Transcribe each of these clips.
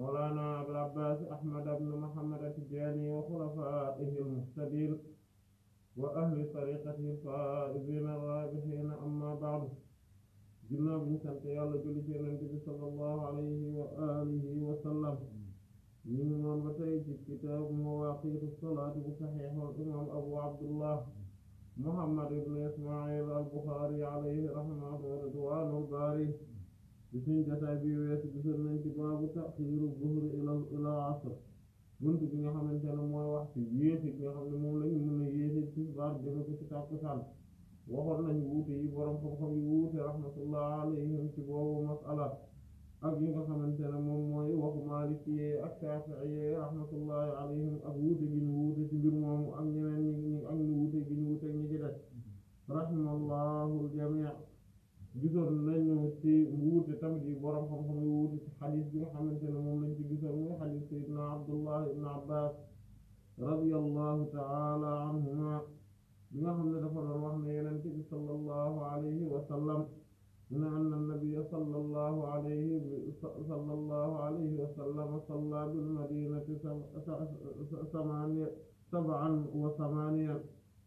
مولانا أبو العباس أحمد بن محمد التجاني وخلفائه المهتدين وأهل طريقته الفائزين الرابحين أما بعد جلنا بن سنت يالله جولي سي النبي صلى الله عليه وآله وسلم من نون بتاي كتاب مواقيت الصلاة بصحيح الإمام أبو عبد الله محمد بن إسماعيل البخاري عليه رحمه الله ورضوانه الباري ci bii jotaay bi weesu gisoon nañ ci baabu taxiiru zuhri ila ila asr bunt bi nga xamante ne mooy wax ci yéexi bi xam ne moom lañu mën a yéexi ci baar jëme ko ci tàkkusaan waxoon nañ wuute yi boroom xam-xam yi wuute rahmatullah alayhim ci boobu masala ak yi nga xamante ne moom mooy waxu maalikiyee ak saafiiyee rahmatullahi alayhim ak wuute gi ñu wuute ci mbir moomu ak ñeneen ñi ak ñu wuute gi ñu wuute ak ñi ci def rahimallahu al gisoon nañu ci wuute tamit yi borom xam-xam yi wuute ci xadis bi nga xamante ne moom lañ ci gisoon muy xadis sayidna abdullah ibn abbas radiyallahu taala anhuma bi nga xam ne dafa doon wax ne yenente bi sallallahu alayhi wa sallam na anna nabiyya sallallahu alayhi sallallahu alayhi wa sallam salla bil madinati samaaniya sab'an wa samaaniya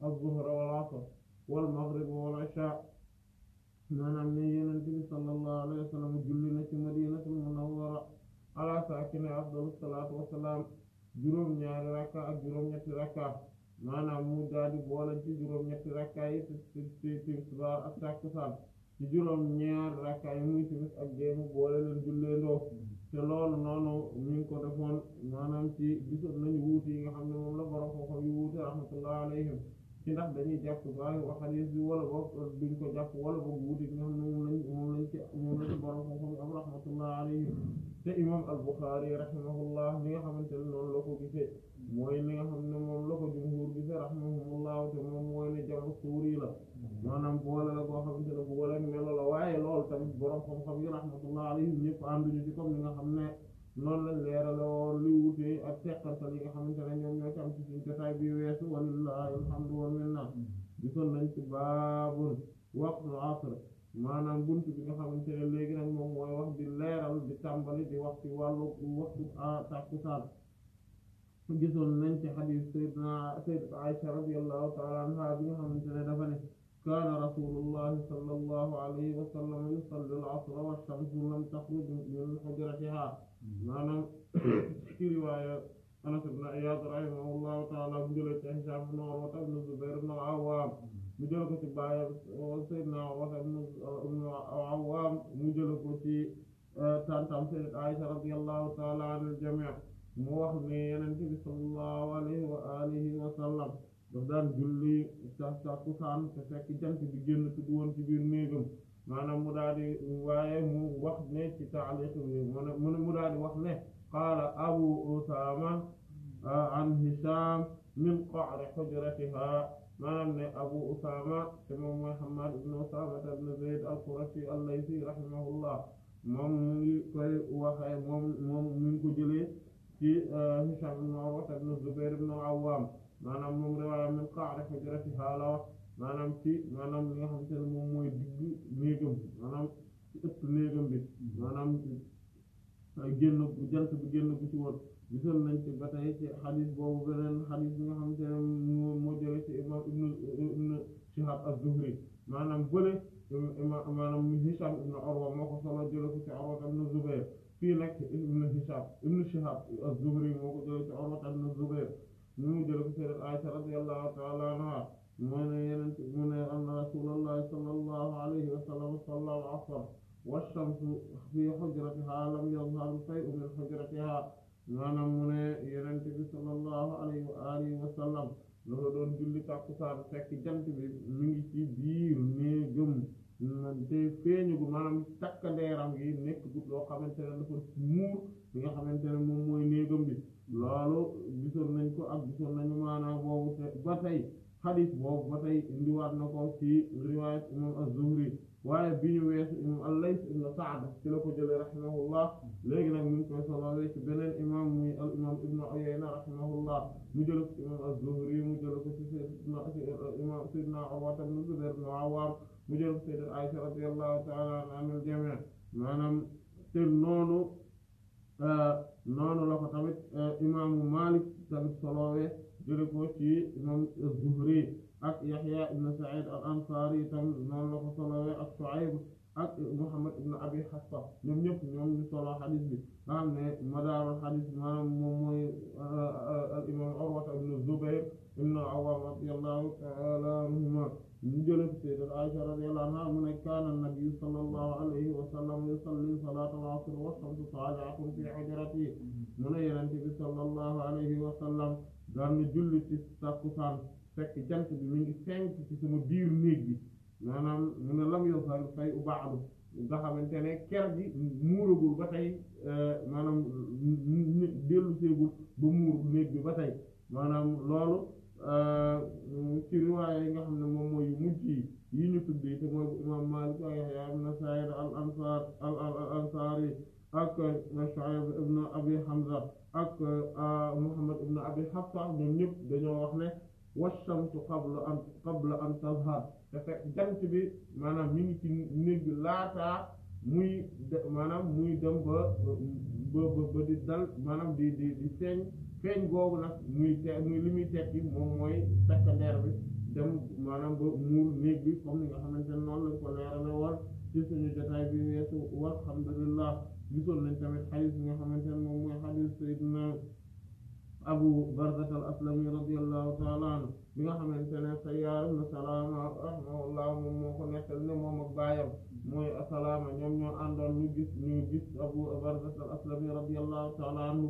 az-zuhra wal asr wal maghrib wal isha maanaam ne yonent bi sallallahu alayhi wa julli na ci madinatul munawwara ala saakine afdalu salaatu wassalaam juróom-ñaari rakka ak juróom-ñetti rakka maanaam mu daldi boole ci juróom-ñetti rakka yi ci tisbaar ak takkusaan ci juróom-ñaari rakka yi muy timis ak gée mu boole leen julleendoo te loolu noonu ñu ko defoon maanaam ci gisoon nañu wuute yi nga xam ne moom la borom xam-xam yu wuute rahmatullahi alayhim ci ndax dañuy jàpp baay wax xadis bi wala boog duñ ko wala boog wuute nga xam ne moom lañ moom lañ ci moom lañ ci borom xam-xam am rahmatullah alayhi imam al-Bukhari rahimahullah ni nga xamante ne noonu la ko gisee mooy ni nga xam ne moom la ko jumhur gisee rahimahumullahu te moom suuri la maanaam boole la boo xamante ne bu wala melo la waaye loolu tamit borom xam-xam yi rahmatullah alayhi ñëpp ànduñu ci comme ni nga xam ne noonu lañ leeraloo li wutee ak teqantal yi nga xamante ne ñoom ñoo ci am ci suñ jotaay bi weesu walillahi alhamdu wal minna gisoon nañ ci baabul waqtul asr maanaam bunt bi nga xamante ne léegi nag moom mooy wax di leeral di tàmbali di wax ci wàllu waxtu takkusaan gisoon nañ ci xadiis sayyidina sayyidatu Aisha radiyallahu ta'ala anha bi nga xamante ne dafa ne kaana rasulullahi sallallahu alayhi wa sallam yusalli al asra wa shamsu lam taxruj min xujratiha maanaam ci riwaaya Anas ibn Iyaad rahimahullahu taala bu jëlee ci Hishaam ibn Urwa ibn Zubayr ibn Awaam mu jële ko ci baayam Seydina Urwa ibn Awaam mu jële ko ci eh, tantam Sayyidat Aisha radiyallahu taala an al mu wax ne Yonent bi sallallahu alayhi wa alihi wa julli sa takkusaan te fekk jant bi génn tudd woon ci biir néegam manam mu daal di waaye mu wax ne ci taaliq bi mun mu daal wax ne qaala abu usama an hisam min qa'ri hujratiha manam ne abu usama te moom mooy hamad ibn usama ibn zayd al-qurashi al-laythi rahimahullah moom mu ngi koy waxe moom moom mu ngi ko jële ci hisam ibn urwa ibn zubayr ibn al-awwam maanaam moom riwaaya min qa'ri hujratiha la wax manam ci manam li nga xamantene mom moy mooy digg néegam manam ci ëpp néegam bi manam ay génn bu jant bu génn bu ci woon gisoon nañ ci batay ci hadith bobu benen hadith bi nga xamantene mo moo moo ci imam ibnu ibnu Shihab az-Zuhri manam bële maanaam Hisham ibnu Urwa moko solo jële ci Urwa ibn Zubayr fi nak ibnu Hisham ibnu Shihab az-Zuhri moko ko jële ci Urwa ibn Zubayr ñu mu jële ko ci Aisha radiyallahu ta'ala anha من ينتجون أن رسول الله صلى الله عليه وسلم صلى العصر والشمس في حجرتها لم يظهر شيء من حجرتها maanaam mu ne yonent bi sallallahu alayhi wa alihi wa sallam dafa doon julli takkusaan fekk jant bi mu ngi ci biir nee gëm te feeñu gu maanaam takk ndeeram gi nekk gut loo xamante ne dafa muur li nga xamante ne moom mooy néegam bi loolu gisoon nañ ko ak gisoon nañu maanaam boobu ba tey xadis boobu ba tey indiwaat na ko ci riwaayat imam az-Zuhri waaye bi ñu weesu imam al-Layth ibn Sa'd ci la ko jëlee rahimahullah léegi nag mu ngi koy solowee ci beneen imam muy al imam ibn Uyayna rahimahullah mu jële ko ci imam az-Zuhri mu jële ko ci imam Sayyidina Urwa ibn Zubayr ibn Awwam mu jële ko ci Sayyidina Aisha radiyallahu ta'ala anha al-jami' maanaam te noonu noonu la ko tamit imaamu Malik tamit solowee jële ko ci imam az-Zuhri ak Yahya ibn Sa'id al-Ansari itam noonu la ko solowee ak Shu'ayb ak Muhammad ibn Abi Hafsa ñoom ñëpp ñoom ñu solo xadis bi nga xam ne madaarul xadis maanaam moom mooy al imam Urwa ibn Zubayr ibn al-Awwam radiyallahu ta'ala anhuma ñu jële ko sayyidat Aisha radiyallahu anha mu ne kaana an-nabiy sallallahu alayhi wa sallam yusalli salata al-'asr wa shamsu tali'atun fi hujratihi mu ne yonent bi sallallahu alayhi wa sallam doon na julli ci takkusaan fekk jant bi mi ngi fenk ci sama biir néeg bi maanaam mu ne lam yosar fay u baaxlu nga xamante ne ker gi muuragul ba tey maanaam dellu seegul ba muur néeg bi ba tey maanaam loolu ci riwaaya yi nga xam ne moom mooy yu mujj yi yi ñu tuddee te mooy bu imam Maalik wa Yahya ibn Sa'id al ansar al ansari ak Shu'ayb ibn Abi Hamza ak euh, Muhammad ibn Abi Hafsa ñoom ñëpp dañoo wax ne washamtu qabla an qabla an tazhar te fekk jant bi maanaam mi ngi ci néeg laata muy de maanaam muy dem ba ba ba di dal maanaam di di di feeñ feeñ googu nag muy te muy li muy tekki moom mooy takk ndeer bi dem maanaam ba muur néeg bi comme ni nga xamante ne noonu lañ ko leerale woon ci suñu jotaay bi weesu walhamdulillah gisoon nañ tamit xadis bi nga xamante ne moom mooy xadis sayidna abu bardat al aslami radiallahu taala anhu bi nga xamante ne sayyaar ibn salaama rahimahullah moom moo ko nekkal ne moom ak baayam mooy asalaama ñoom ñoo àndoon ñu gis ñu gis abu bardat al aslami radiallahu taala anhu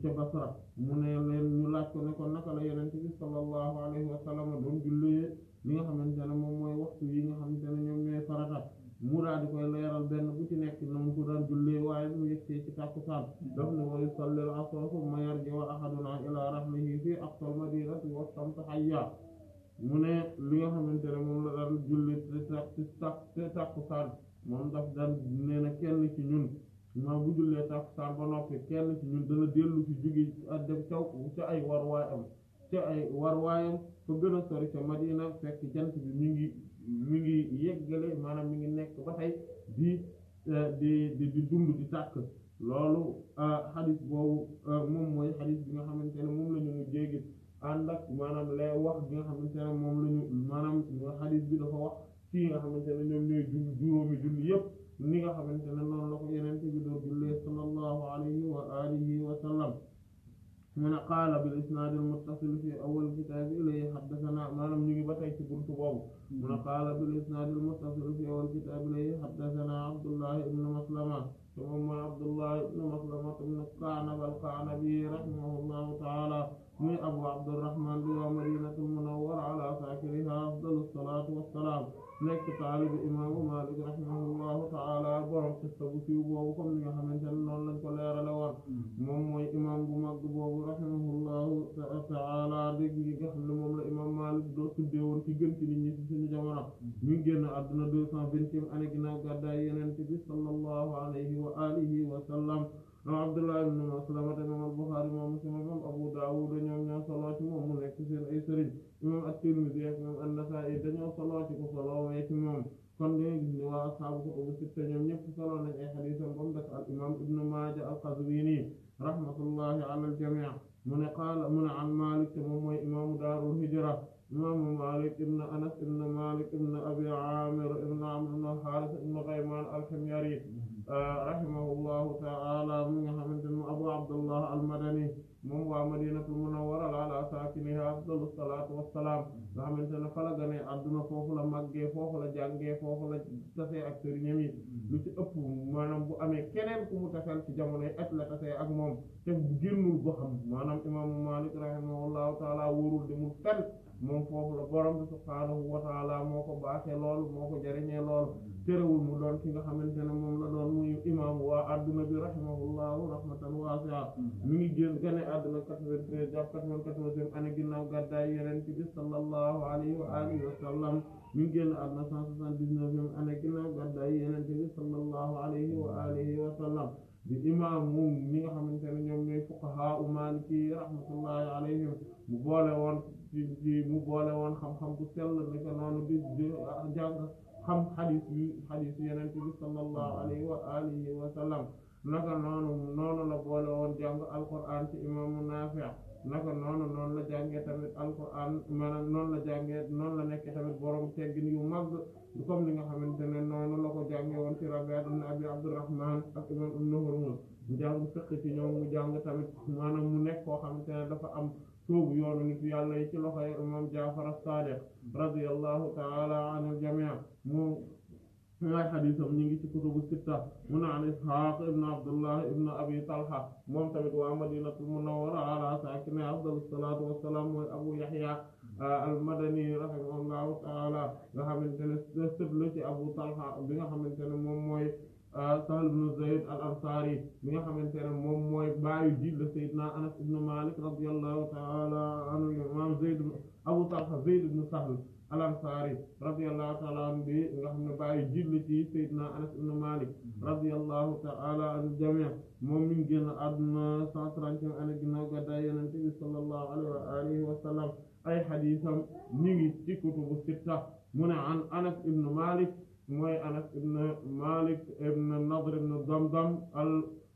ca basra mu ne leen ñu laaj ko ne ko naka la yonent bi sallallahu alayhi wa sallam doon jullee li nga xamante ne moom mooy waxtu yi nga xamante ne ñoom ñooy farata mu daal di koy benn bu ci nekk na mu ko daan jullee waaye mu yëgtee ci tàkkusaan daf ne wa yusallil asra summa yarji'u ahaduna ilaa rahlihi fii aqsal madinati wa shamsu hayya li nga xamante ne moom la daan julli ci tàkkusaan moom daf daan nee na kenn ci ba noppi kenn ci ñun dana dellu ci jóge ca ay war waayam ca ay war waayam fa gën a sori ca madina fekk jant bi mi ngi mi ngi yeggale maanaam mi ngi nekk ba tey di eh, di di dund di tàkk loolu eh, xadis boobu eh, moom mooy xadis bi nga xamante ne moom la ñu mujjee gis ànd ak maanaam lay wax bi nga xamante ne moom la ñu maanaam xadis bi dafa wax fii nga xamante ne ñoom ñooy julli juróomi julli yëpp ni nga xamante ne noonu la ko yeneen bi doon jullee sallallahu alayhi wa alihi wa sallam من قال بالإسناد المتصل في أول كتاب إليه حدثنا ما لم ngi ba tey من قال بالإسناد المتصل في أول كتاب إليه حدثنا عبد الله بن مسلمة ثم عبد الله بن مسلمة بن القعنب القعنبي رحمه الله تعالى من أبو عبد الرحمن بن مدينة المنور على فاكرها أفضل الصلاة والسلام nekk taalibu imaamu Maalik rahimahullahu taala borom ci sabu fi boobu comme ni nga xamante ne noonu lañ ko leerale woon moom mooy imaam bu mag boobu rahimahullahu taala dégg yi nga xam ne moom la imaam Maalik doo tuddee woon ci gën ci nit ñi ci suñu jamono ñu génn àdduna deux cent vingtième année ginnaaw gàddaay Yonent bi sallallahu alayhi wa alihi wa sallam moom Abdullah ibn Maslama te moom al Buxaari moom Muslim moom Abu Daawud ñoom ñoo solo ci moom mu nekk seen ay sëriñ imam at-Tirmidhi ak imam an-Nasa'i dañoo solo ci ko solo wee ci moom kon dina gis ne waa ashaabu kutubu sitta ñoom ñëpp solo nañ ay xadiisam ba mu des al imam ibnu Maaja al-Qazwini rahmatullahi ala al-jamii mu ne qaala mu ne an Maalik te moom mooy imaamu daarul hijra imaamu Maalik ibn Anas ibn Maalik ibn Abi Aamir ibn Amr ibn al-Haaris ibn Ghaymaan al-Himyari rahimahullahu ta'ala mi nga xamante ne mu Abu Abdullah al-Madani moom waa madinatul munawwara ala saakinihaa afdalu salaatu wassalaam nga xamante na fa la gane adduna foofu la màggee foofu la jàngee foofu la tasee ak sëriñam yi mm. lu ci ëpp maanaam bu amee keneen ku mu tasal ci jamonoy at la tasee ak moom te génnul boo xam maanaam imaamu Maalik rahimahullahu taala wóorul demul fenn moom foofu la borom bi wa taala moo ko baaxee loolu moo ko jariñee loolu terewul mu doon ki nga xamante ne moom la doon muy imaam waa adduna bi rahimahullahu rahmatan waasi'a hmm. mi ngi génn gane adduna quatre-vingt-treize jàpp quatre-vingt-quatorzième année ginnaaw gàddaay yonent bi sallallahu alayhi wa alihi wa sallam mi ngi génn adduna cent soixante-dix-neuvième année ginnaaw gàddaay bi sallallahu di imam moom ñi nga xamante ne ñoom ñooy fuqaha u maliki rahmatullahi alayhim mu boole woon ci mu boole woon xam-xam bu sell ni ko noonu di ah, jàng xam xadis yi xadis yeneen bi sallallahu alayhi wa alihi wa sallam naka noonu noonu la boole woon jàng alquran ci imaamu Naafi' naka noonu noonu la jàngee tamit alquran maanaam noonu la jàngee noonu la nekkee tamit borom teggin yu mag comme li nga xamante ne noonu la ko jàngee woon ci Rabi' ibn Abi Abdurrahman ak imam Ibn Hurmuz mu jàng ci ñoom mu jàng tamit maanaam mu nekk koo xamante ne dafa am suubu yoonu nit yàlla yi ci loxoy imam Jaafar as-Sadiq radiyallahu ta'ala anil jami' mu من الحديث من يجي كتب الستة من عن إسحاق ابن عبد الله ابن أبي طلحة ممتد ومدينة المنورة على ساكن أفضل الصلاة والسلام أبو يحيى المدني رحمه الله تعالى رحمه الله تعالى أبو طلحة رحمه الله مموي سهل بن زيد الأنصاري رحمه الله مموي باي جيل سيدنا أنس ابن مالك رضي الله تعالى عن الإمام زيد أبو طلحة زيد بن سهل الأنصاري رضي الله تعالى عنه رحمه باي جلتي سيدنا أنس بن مالك رضي الله تعالى عن الجميع مؤمن جن أدنى سعطرا كم أنا جنا قد ينتبه صلى الله عليه وآله وسلم أي حديثا نيجي تكتب بسيطة من عن أنس بن مالك موي أنس بن مالك ابن النضر بن الضمضم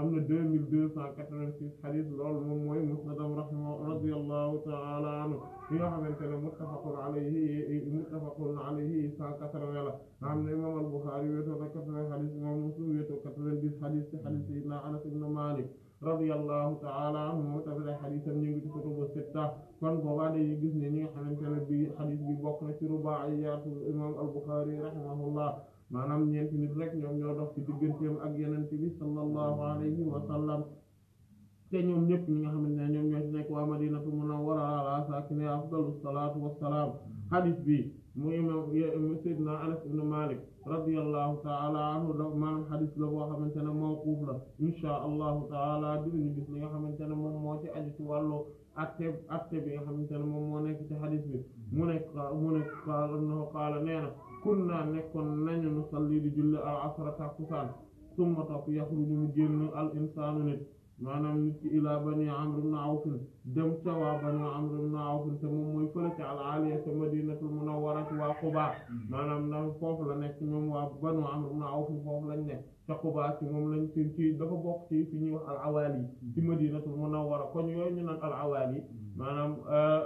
amna 2286 hadith lol mom moy musnadam rahmo radiyallahu taala anhu fi nga xamante muttafaqun alayhi muttafaqun alayhi cent quatre-vingts la nga imam al-Bukhari weto na quatre-vingts xadis imam Muslim wéetoo hadith dix xadis ci xadis sayyidina Anas ibn Malik radiyallahu taala anhu moom tamit ay ñu ngi ci kutubu sitta kon boobaa dañuy gis ne ñi nga xamante bi hadith bi bokk na ci rubaa'iyaatu imam al-Bukhari rahimahullah manam ñent nit rek ñom ñoo dox ci digganteem ak yeneen bi sallallahu alayhi wa sallam te ñom ñëpp ñi nga xamantene ñom ñoo ci nekk wa madinatu munawwara ala sakinah afdalu salatu wassalam hadith bi mu imam sayyidina anas ibn malik radiyallahu taala anhu man hadith la bo xamantene mawquf la insha allah taala dinañu gis li nga xamantene mom mo ci aju ci walu atte atte bi nga xamantene mom mo moo nekk ci hadith bi mu nekk mu nekk qaala annahu qaala nee na kunna nekkoon nañu nusalli di julli al asra tàkkusaan summa topp yaxruju mu génn al insaanu nit maanaam nit ki ilaa bani amr ibn awf dem ca waa bani amr ibn awf te moom mooy fële ca al aliya ca madinatul maanaam na foofu la nekk ñoom waa bani amr ibn awf foofu lañ nekk ca xubaa ci moom lañ ci ci dafa bokk ci fi ñuy wax al awaali ci madinatul munawwara koñ yooyu ñu naan al awaali maanaam euh,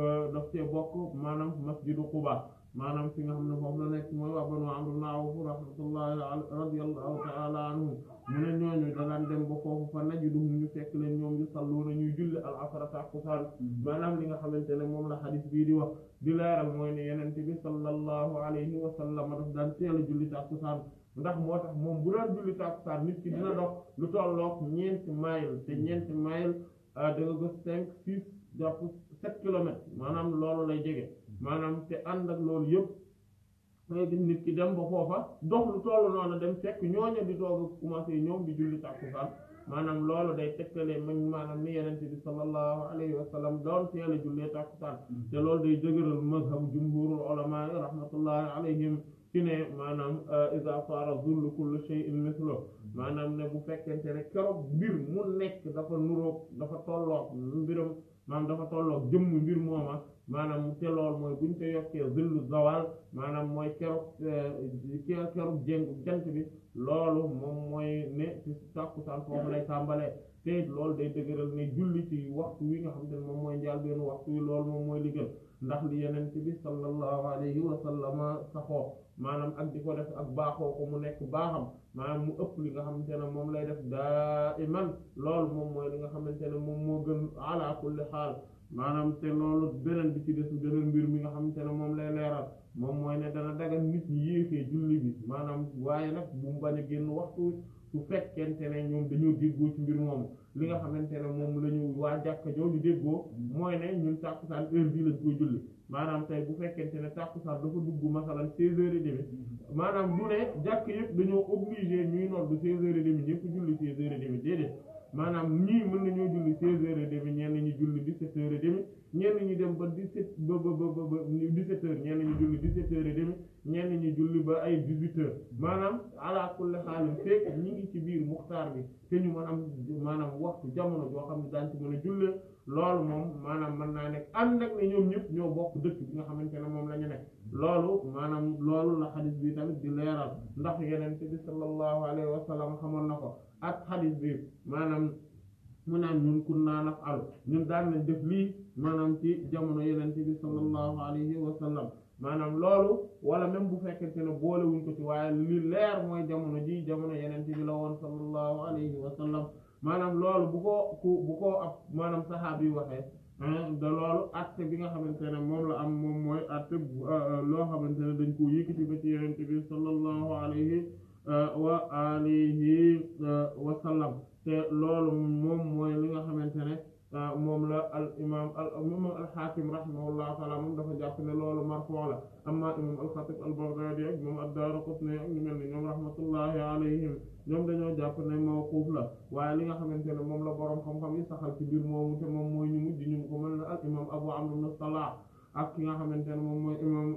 euh, daf cee bokk maanaam masjidu xubaa maanaam fi nga xam ne foofu la nekk mooy waa Banu Amr ibn Awf rahmatullahi radiyallahu ta'ala anhum mu ne ñooñu da daan dem ba foofu fa najiduhum ñu fekk leen ñoom ñu salluuna ñuy julli al asra tàkkusaan maanaam li nga xamante ne moom la xadis bii di wax di leeral mooy ne yenente bi sallallahu alayhi wa sallam daf daan teel a julli tàkkusaan ndax moo tax moom bu daan julli tàkkusaan nit ki dina dox lu tollook ñeenti mayil te ñeenti mayil euh, da nga gis maanaam loolu lay jege maanaam te ànd ak loolu yëpp dangay nit ki dem ba foofa dox lu tollu noonu dem fekk ñooñu di doog a commencé ñoom bi julli tàkkusaan maanaam loolu day tegtalee man maanaam ni yenente bi sallallahu alayhi wa sallam doon teel a jullee te loolu day dëgëral mazhab jumhurul ulama rahmatullahi alayhim ci ne maanaam euh, iza sara zullu kullu shay'in mithlu maanaam ne bu fekkente rek keroog mbir mu nekk dafa nuroog dafa tolloog mbiram maanaam dafa tolloog jëmm mbir mooma maanaam te lool mooy buñ ko yokkee zillu zawal maanaam mooy keroog eh, keroog jéngu jant bi loolu moom mooy ne ci tàkkusaan foofu lay tàmbalee te loolu day dëgëral ne julli ci waxtu wi nga xam te ne moom mooy njàlbéenu waxtu wi loolu moom mooy li gën ndax li yeneen ci bi sallallahu alayhi wa sallama saxoo maanaam ak di ko def ak baaxoo ko mu nekk baaxam maanaam mu ëpp li nga xamante ne moom lay def daa iman loolu moom mooy li nga xamante ne moom moo gën ala kulli maanaam te loolu beneen bi ci des beneen mbir mi nga xamante ne moom lay leeral moom mooy ne dana dagal nit ñi yéexee julli bi maanaam waaye nag bu mu bañ a génn waxtu su fekkente ne ñoom dañoo déggoo ci mbir moomu li nga xamante ne moom la ñu waa jàkka jooju déggoo mooy ne ñun tàkkusaan heure bii lañ koy julli maanaam tey bu fekkente ne tàkkusaan dafa dugg masalan seize heures et maanaam du ne jàkk yëpp dañoo obligé ñuy nodd seize heures et maanaam ñii mën nañoo julli seize heures et demi ñenn ñi julli dix-sept heures demi ñenn ñi dem ba dix-sept ba ba ba ba dix-sept heures ñenn ñi julli dix-sept demi ñenn ñi julli ba ay dix-huit maanaam ala kulli xaalim fekk ñi ngi ci biir muxtaar bi te ñu mën am maanaam waxtu jamono joo xam ne daañ ci mën a jullee loolu moom maanaam mën naa nekk am ak ne ñoom ñëpp ñoo bokk dëkk bi nga xamante ne moom la ñu nekk loolu maanaam loolu la xadis bi tamit di leeral ndax yeneen bi sallallahu alayhi wa sallam xamoon na ko ak xadis bi maanaam mu naan ñun naa naf'alu ñun daan nañ def lii maanaam ci jamono yenente bi sallallahu alayhi wa sallam loolu wala même bu fekkente ne boolewuñ ko ci waaye li leer mooy jamono ji jamono yenente la woon sallallahu alayhi wa sallam maanaam loolu bu ko ku bu ko ab maanaam saxaab yi waxee da loolu atte bi nga xamante ne moom la am moom mooy atte euh, loo xamante ne dañ ko yëkkati ba ci yenente sallallahu alayhi Euh, wa alihi euh, wa sallam te loolu moom mooy li nga xamante ne euh, moom la al imam al imam al xaakim rahimahullahu taala moom dafa jàpp ne loolu marfuu la amma imam al xatib al baghdadi ak moom ad-Daaraqutni ak ñu mel ni ñoom rahmatullahi alayhim ñoom dañoo jàpp ne mawquuf la waaye li nga xamante ne moom la boroom xam-xam yi saxal ci biir moomu te moom mooy ñu mujj ñu ko mel ne al imam abu amr ibn salah ak ki nga xamante ne moom mooy imam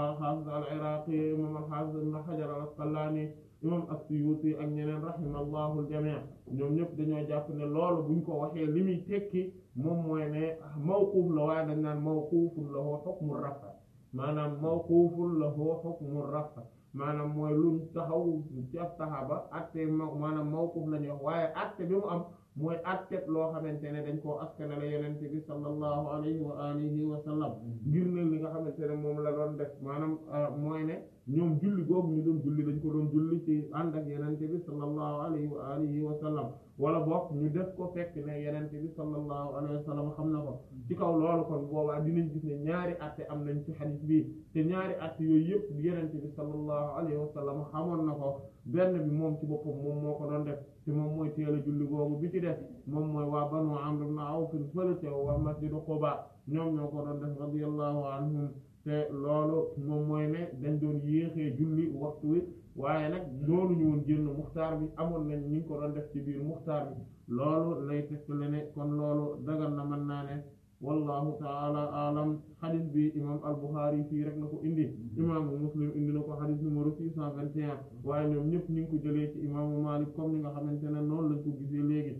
alxaafis al iraqi imam alxaafis ibn xajar al asqalaani imam as-suyuti ak ñeneen rahimallahu aljamii ñoom ñëpp dañoo jàpp ne loolu buñ ko waxee li muy tekki moom mooy ne mawquuf la waaye dañ naan mawquufun lahu hukmu rafa maanaam mawquufun lahu hukmu rafa maanaam mooy luñ taxaw ci ab saxaaba atte maanaam mawquuf la ñuy wax waaye atte bi mu am mooy àtteeg loo xamante ne dañ koo askanale yonent bi sallallahu alayhi wa alihi wa sallam mm-hmm. ngir ne li nga xamante ne moom la doon def maanaam euh, mooy ne ñoom julli googu ñu doon julli dañ ko doon julli ci ànd ak yenente bi sallallahu alayhi wa alihi wa sallam wala boog ñu def ko fekk ne yenente bi sallallahu alayhi wa sallam xam na ko ci kaw loolu kon boobaa dinañ gis ne ñaari atte am nañ ci xadis bi te ñaari atte yooyu yëpp yenente bi sallallahu alayhi wa sallam xamoon na ko benn bi moom ci boppam moom moo ko doon def te moom mooy teel a julli googu bi ci def moom mooy waa banu amr ibn awf fële ca waa masjidu quba ñoom ñoo ko doon def te loolu mom moy ne dañ doon yéxé julli waxtu wi wayé nak loolu ñu won jënn muxtar bi amon nañ ñu ko doon def ci biir muxtar bi loolu lay tek tegtale ne kon loolu dagal na man naa ne wallahu taala alam hadith bi imam al-Bukhari fi rek nako indi imam muslim indi nako hadith numéro 621 wayé ñom et un ñëpp ñu ko jëlé ci imam Malik comme ni nga xamante ne noonu lañ ko gisé légui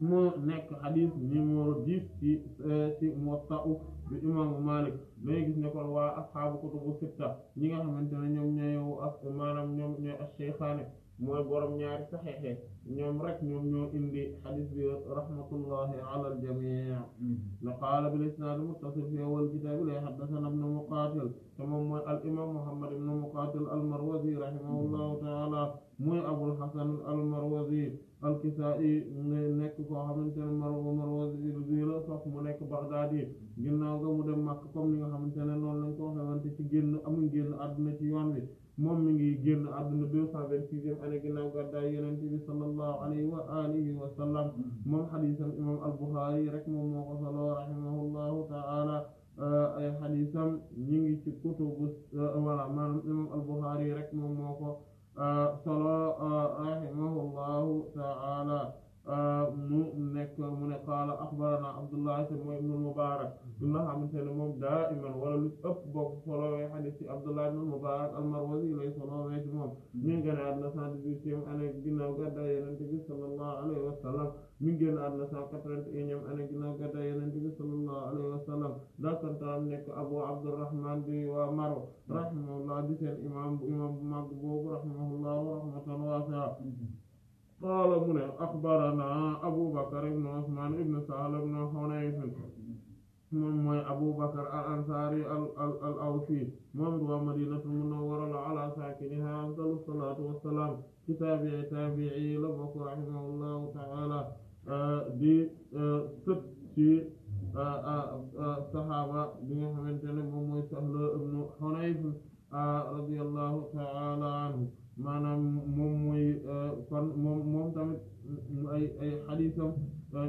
mo nek hadith numéro 10 ci ci Muwatta bi imam Malik may gis ne kon wa asxaabu kutubu sita ñi nga xamantene ñom ñoom ñooy as maanaam ñoom ñooy as-shaykhaani mooy borom ñaari saxeexe ñom rek ñom ñoo indi hadith bi rahmatullahi ala al jami' la qala bil isnad muttasil fi awal kitab la haddathana ibn muqatil te moy al imam Muhammad ibn muqatil al-Marwazi rahimahullahu ta'ala moy Abul Hasan al-Marwazi al-Kisaa'i nekk koo xamante ne Marwazi la sax mu nekk Bagdaadi ginnaaw ga mu dem Makka comme ni nga xamante ne noonu lañ ko waxee wante ci génn amu génn àdduna ci yoon wi moom mi ngi génn àdduna deux cent vingt-sixième année ginnaaw gàddaay Yonent bi sallallahu alayhi wa alihi wa sallam moom xadiisam imam al-Bukhari rek moom moo ko soloo rahimahullahu ta'ala ay xadiisam ñi ngi ci kutubu wala maanaam imam al-Bukhari rek moom moo ko آه، صلى آه، رحمه الله تعالى Euh, mu nekk mu ne qaala axbarana abdullah te mooy ibnul mubarak bi nga xamante ne moom daa iman wala lu ëpp bokk solowee xadis ci abdullah ibnul mubarak lay solowee ci moom mi ngi génn àdduna cent dix-huitième année ginnaaw bi sallallahu alayhi wa sallam mi ngi génn àdduna cent quatre-vingt-unième année ginnaaw gàddaay yonent bi sallallahu alayhi wa sallam dakantaam nekk abu abdurrahman bi waa قال من أخبرنا أبو بكر بن عثمان بن سهل بن حنيف من أبو بكر الأنصاري الأوفي من هو مدينة منورة على ساكنها أفضل الصلاة والسلام كتاب تابعي لبك رحمه الله تعالى آه، دي آه، آه، صحابة الصحابة بن محمد بن سهل بن حنيف رضي الله تعالى عنه manam mom moy kon mom mom tamit ay ay haditham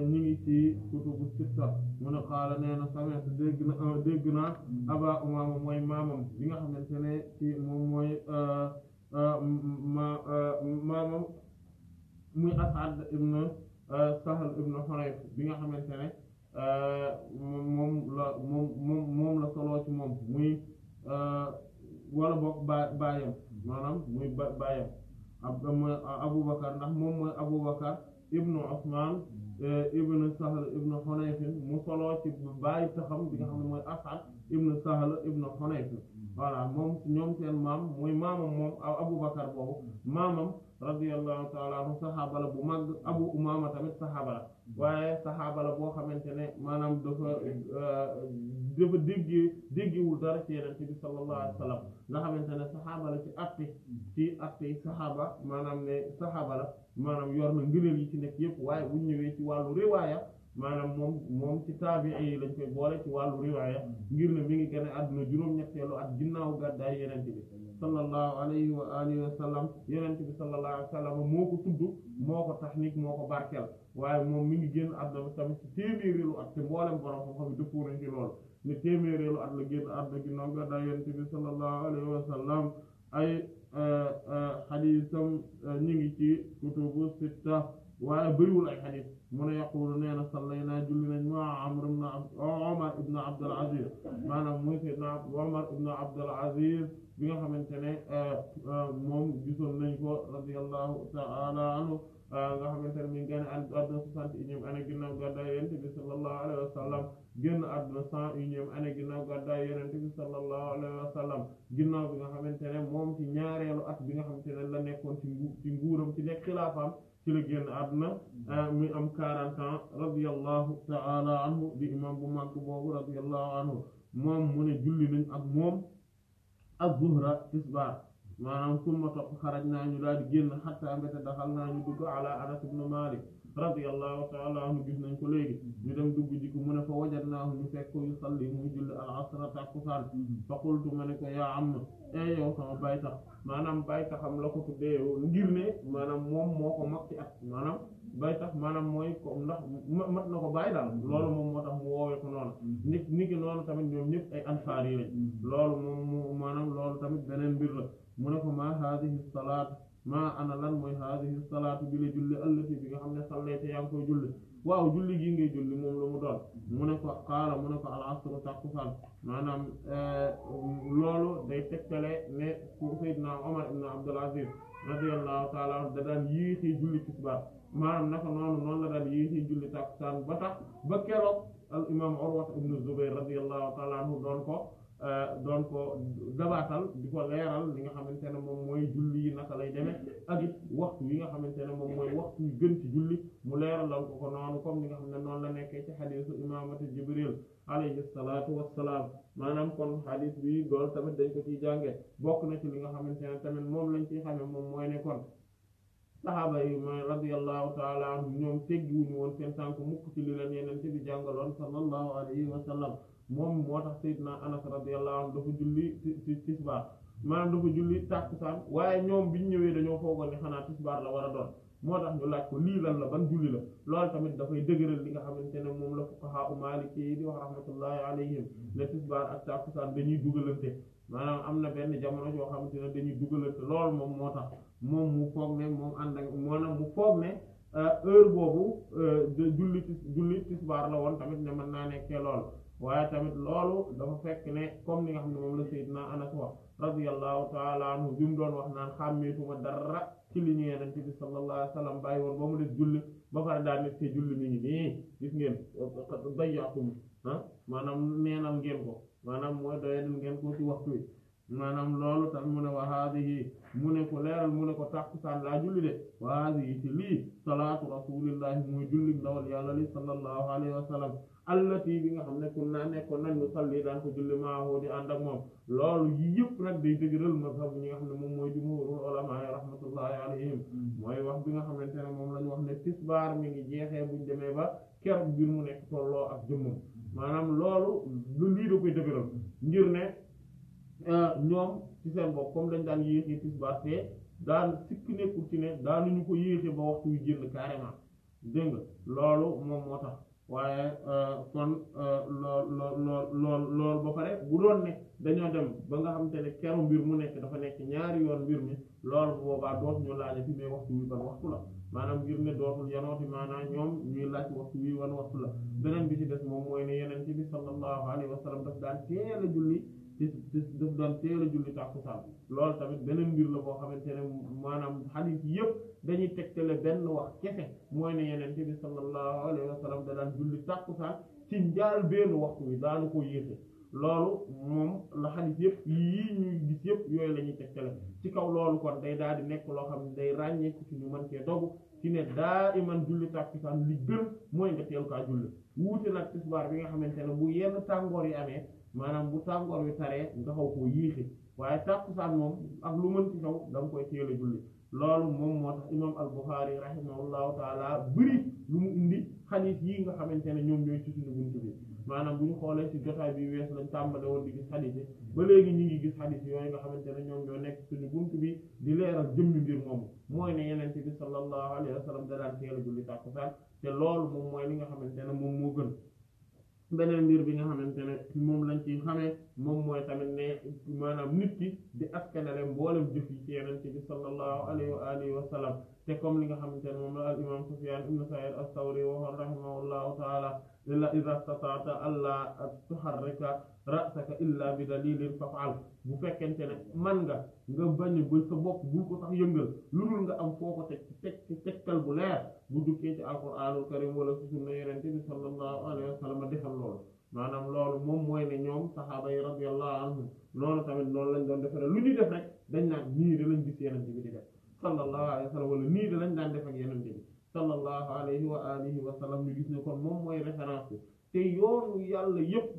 ñu ngi ci kutubu sita mu ne xaala nee na samet dégg na dégg naa aba umama moy mamam bi nga xamantene ne ci moom mooy ma maamam muy asad ibn sahal ibn xunayf bi nga xamantene ne moom la mom mom moom la solo ci mom muy wala bok bayam maanaam muy ba baayam ab mooy Aboubacar ndax moom mooy Aboubacar ibnu Ousmane ibnu Sahl ibnu Hunayf mu solo ci baay taxam bi nga xam ne mooy As'ad ibnu Sahl ibnu Hunayf voilà mom ñom seen mam moy muy mom moom bakkar bobu mamam radiyallahu taala hu sahaba la bu mag Abu umama tamit sahaba la waye sahaba la bo xamantene manam dafa dafa deggi deggi déggiwul dara ci Yonent bi sallallahu alayhi wasallam nga xamantene sahaba la ci àtte ci àtte sahaba manam ne sahaba la manam yor na ngëneel yi ci nek yep waye bu ñewé ci walu riwaya maanaam moom moom ci taabi'i yi lañ koy boole ci wàllu riwaaya ngir ne mi ngi gën a àdduna juróom-ñetteelu at ginnaaw gàddaay yenente bi sallallahu alayhi wa alihi wa sallam yenente bi sallallahu wa sallam moo ko tudd moo ko taxnik moo ko barkeel waaye moom mi ngi génn àdduna tamit ci téeméeréelu at te mboolem borom xam a dëppoo nañ ci lool ne téeméeréelu at la génn àdduna ginnaaw gàddaay yenente bi sallallahu alayhi wa sallam ay xadiisam euh, euh, euh, ñu ngi ci kutubu sitta waaye bëriwul ay xadis mu ne yaqulu nee na sallaynaa julli nañ ma amr ibn omar ibn abdul aziz maanaam muy sayyidna omar ibn abdul aziz bi nga xamante ne moom nañ ko radiyallahu ta'ala anhu nga xamantene mi ngi génn àdduna 60 unième année ginnaw gadda yonent bi sallallahu alayhi wa sallam génn àdduna cent unième année ginnaaw gàddaay yonent bi sallallahu alayhi wa sallam ginnaaw bi nga xamantene mom ci ñaarelu at bi nga xamantene la nekkon ci nguuram ci nek khilafam ci la génn àdduna mm-hmm. euh, muy am 40 ans radiyallahu ta'ala anhu di imam bu mag boobu radiyallahu anhu moom mu ne julli nañ ak moom az-zuhra tisbaar maanaam summa topp xaraj naa ñu daal génn xatta mbete daxal naa ñu dugg ala anas ibn malik radiyallahu ta'ala anhu gis nañ ko léegi ñu dem dugg ji ko mu ne fa wajadnaahu ñu fekk ko yusalli muy julli al asra takkusaan mm-hmm. fa qultu ma ne ko yaa amma e yow sama bay maanaam bay taxam la ko tuddee ngir ne maanaam moom moo ko mag ci at maanaam tax maanaam mooy ko ndax mat ko bàyyi daal mm-hmm. loolu moom moo tax mu woowee ko noonu mm-hmm. nit noonu tamit ñoom ñëpp ay ansaar yi lañ mm-hmm. loolu moom mu maanaam loolu tamit beneen mbir la mu ne ko maa haadihi salaat maa ana lan mooy haadihi salaatu bi la julli allati bi nga ne sallayta yaa ngi koy julli waaw julli gi julli mu doon mu ne ko al asru tàkkusaan maanaam eh, loolu day tegtale ne ku Seydina Omar ibn Abdul Aziz radiyallahu taala anhu da daan julli tisbaar maanaam naka noonu noonu la julli tàkkusaan ba tax ba al imam Urwa ibn Zubayr radiyallahu taala anhu doon Euh, doon ko dabaatal di ko leeral li nga xamante ne moom mooy julli yi naka lay demee ak it waxtu yi nga xamante ne moom mooy waxtu yu gën ci julli mu leeralal ko ko noonu comme li nga xam ne noonu la nekkee ci xadiisu imaamatu Jibril alayhi salaatu wassalaam maanaam kon xadiis bi doon tamit dañ ko ciy jànge bokk na ci li nga xamante ne tamit moom lañ ciy xamee moom mooy ne kon saxaaba yi mooy radiyallahu taala anhum ñoom teggiwuñu woon seen tànk mukk ci li leen yeneen moom moo tax Seydina Anas radiyallahu anhu dafa julli ci ci tisbaar maanaam dafa julli tàkkusaan waaye ñoom biñ ñëwee dañoo foogoon ne xanaa tisbaar la war a doon moo tax ñu laaj ko lii lan la ban julli la loolu tamit dafay dëgëral li nga xamante ne moom la fuqaha u maliki yi di wax rahmatullahi alayhim ne tisbaar ak tàkkusaan dañuy dugalante maanaam am na benn jamono yoo xamante ne dañuy dugalante lool moom moo tax moom mu foog ne moom ànd ak moo nag mu euh, boobu euh, julli tis julli tisbaar tamit mën naa nekkee lool waaye tamit loolu dafa fekk ne comme ni nga xam ne moom la Seydina Anas wax radiyallahu taala anhu bi mu doon wax naan xàmmeetuma dara ci li ñu yenente bi sallallahu alayhi wa sallam bàyyi woon ba mu def julli ba pare daan ne te julli mi ngi nii gis ngeen dayyakum ah maanaam neenal ngeen ko maanaam mooy doyal ngeen ko ci waxtu wi maanaam loolu tax mu ne wa haadihi mu ne ko leeral mu ne ko tàkkusaan laa julli de wa haadihi ci lii salaatu rasulillahi muy julli ndawal yàlla li sallallahu allati bi nga xam ne kun naa nekkoon nañ nu salli daan ko julli maahu di ànd ak moom loolu yëpp nag day dëgëral mazhab ñi nga xam ne moom mooy jumhurul ulama yi rahmatullahi alayhim mm. wax bi nga xamante ne moom la wax ne tisbaar mi ngi jeexee buñ demee ba ker bi mu nekk tolloo ak jëmmam maanaam loolu lu lii da koy dëgëral ngir ne euh, ñoom ci seen bopp comme dañ daan yéexee tisbaar te daan sikk nekkul ci ne daanuñu ko yéexee ba waxtu yu jënd carrément dégg loolu moom moo tax waaye euh, kon lool euh, lool lool ba pare bu doon ne dañoo dem ba nga xam xamante ne keru mbir mu nekk dafa nekk ñaari yoon mbir mi lool boobaa doot ñu laaja fi mais waxtu wi ban waxtu la maanaam ngir ne dootul yanooti maanaam ñoom ñuy laaj waxtu wi wan waxtu la beneen bi ci des moom mooy ne yeneen ci bi sallallahu alayhi wa sallam daf daan teel julli di di daf daan teel a julli tàkkusaan loolu tamit beneen mbir la boo xamante ne maanaam xadiis yëpp dañuy tegtale benn wax kese mooy ne yenente bi sallallahu alayhi wa sallam da daan julli tàkkusaan ci njaal benn waxtu wi daanu ko yéexe loolu moom la xadiis yëpp yi ñuy gis yëpp yooyu lañuy ñuy tegtale ci kaw loolu kon day daal di nekk loo xam ne day ràññeeku ci ñu mën cee dogu ci ne daa iman julli tàkkusaan li gën mooy nga teel kaa julli wuute nag tisbaar bi nga xamante ne bu yenn tàngoor yi maanaam bu tàngoor wi taree nga xaw koo yiixi waaye tàkkusaan moom ak lu mën ci xew da koy teel a julli loolu moom moo tax imam al-Bukhari rahimahullahu taala lu mu indi xadiis yi nga xamante ne ñoom ñooy ci suñu buntu bi maanaam bu ñu xoolee ci jotaay bi wees lañ tàmbale woon di gis xadiis ba léegi ñu ngi gis xadiis yooyu nga xamante ne ñoom ñoo nekk suñu buntu bi di leeral jëmmi mbir moomu mooy ne yeneen bi sallallahu alayhi wa sallam da daan teel a julli te loolu moom li nga xamante ne moom moo gën benen mbir bi nga xamantene mom lañ ci xamé mom moy tamit ne manam nit ki di askanale mbolam jëf ci yeneen bi sallallahu alayhi wa alihi wa sallam te comme li nga xamantene mom la al imam Sufyan ibn Sa'id as-Sawri wa rahimahullahu ta'ala illa idha istata'ta alla tuharrika ra'saka illa bi dalilin fa'al bu fekente nak man nga nga bañ bu sa bopp bu ko tax yeungal lulul nga am foo ko tek teg bu leer bu dukkee ci alquranul karim wala ci sunna yonente bi sallallahu alayhi wa sallam defal lool manam lool mom moy ne ñom sahaba yi radiyallahu anhum lool tamit lool lañ doon defere lu ñu def rek dañ naan ñii dañ gis yonente bi di def sallallahu alayhi wa sallam wala nii da lañ daan def ak yenente bi sallallahu alayhi wa alihi wa sallam ñu gis ne kon moom mooy référence bi te yoonu yàlla yëpp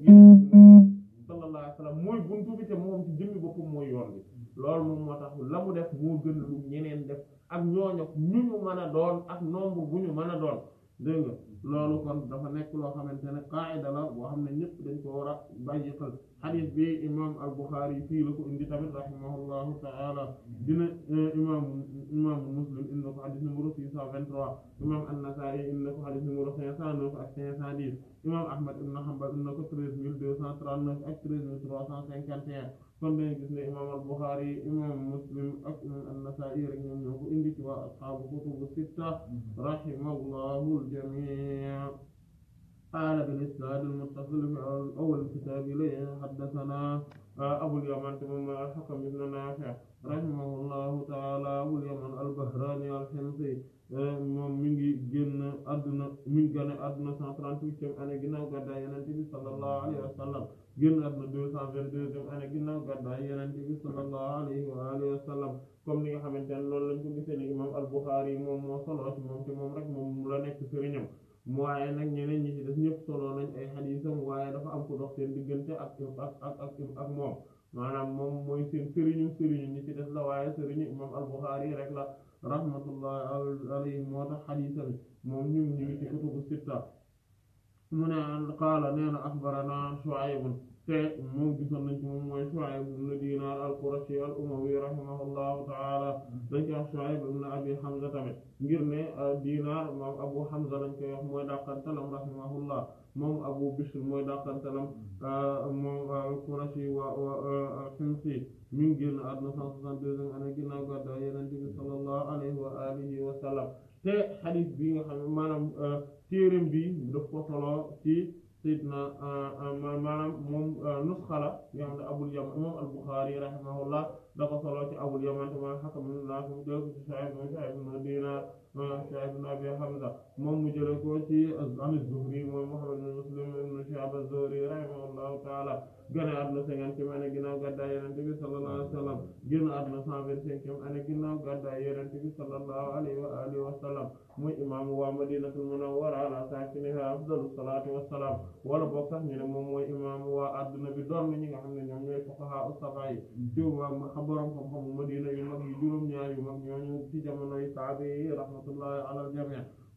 sallallahu alayhi wa sallam mooy buntu bi te moom ci jëmmi boppam mooy yoon bi loolu moom moo tax la def moo gën lu ñeneen def ak ñooñu ñu ñu mën a doon ak nombre bu ñu mën a doon dégg nga loolu kon dafa nekk loo xamante ne qaida la boo xam ne ñëpp dañ ko war a bàyyi hadith bi imam al-Bukhari fii la indi tamit rahimahullahu taala dina imam imam Muslim indi na numéro 623 imam an-Nasa'i indi na numéro 509 ak 510 imam Ahmad ibn Hanbal indi ko 13239 ak 13351 kon dañu gis ne imam al-Bukhari imam Muslim ak imam an-Nasa'i rek ñoom ñoo indi ci waa ashaabu kutubu sitta rahimahullahu al-jami' قال بالإسناد المتصل أول الكتاب إليه حدثنا آه، أبو اليمن ثم الحكم بن نافع رحمه الله تعالى أبو اليمن البهراني الحمصي من جن أدنى من جن أدنى سنتران تيشم أنا جنا وقد ينتمي صلى الله عليه وسلم جن أدنى دوسان فردوسم أنا جنا وقد ينتمي صلى الله عليه وآله وسلم كم نيجا حمد الله لنكم بسنة إمام البخاري مم وصلوا مم تمام رك مم لنك سرينم mu nak ñeneen ñi ci def ñëpp solo nañ ay haditham waye dafa am ku dox seen digënté ak ak ak ak ak mom manam mom moy seen sëriñu sëriñu ñi ci def la waye sëriñu imam al-Bukhari rek la rahmatullahi alayhi mo tax haditham mom ñum ñu ci kutubu sitta mu ne qaala nee na axbarana Shuayb te moom gisoon nañ ci moom mooy Shuayb ibn Dinar al-Qurashi al-Umawi rahimahullahu ta'ala dañ koy wax Shuayb ibn Abi Hamza tamit ngir ne Dinar moom Abu Hamza lañ koy wax mooy dàqantalam rahimahullah moom Abu Bishr mooy dàqantalam moom al-Qurashi wa al-Himsi mi ngi génn àdduna 162 année ginnaaw gàddaay Yonent bi sallallahu alayhi wa alihi wa sallam te hadith bi nga xam ne maanaam téereem bi daf ko solo ci سيدنا آه، آه، ما ما آه، نسخة لا يعني أبو اليمن أبو البخاري رحمه الله دق صلاة أبو اليمن ما حكم من الله في ذلك الشعب من شعب المدينة من شعب النبي حمزة ما مجرد كوتي عن الزهري ومحمد المسلم من شعب الزهري رحمه الله تعالى gane àdduna cinquantième année ginnaaw gàddaay Yonent bi sallallahu alayhi wa sallam génn àdduna cent vingt-cinquième année ginnaaw gàddaay Yonent bi sallallahu alayhi wa alihi wa imaamu waa Madinatul Munawwara ala saakinihaa afdalu salaatu wa salaam wala boog sax ñu ne moom mooy imaamu waa àdduna bi doon na ñi nga xam ne ñoom ñooy fuqahaa as-sab'a yi ci waa borom xam-xamu Madina yu yi juróom-ñaar yu mag ñooñu ci jamonoy sahaaba yi rahmatullahi ala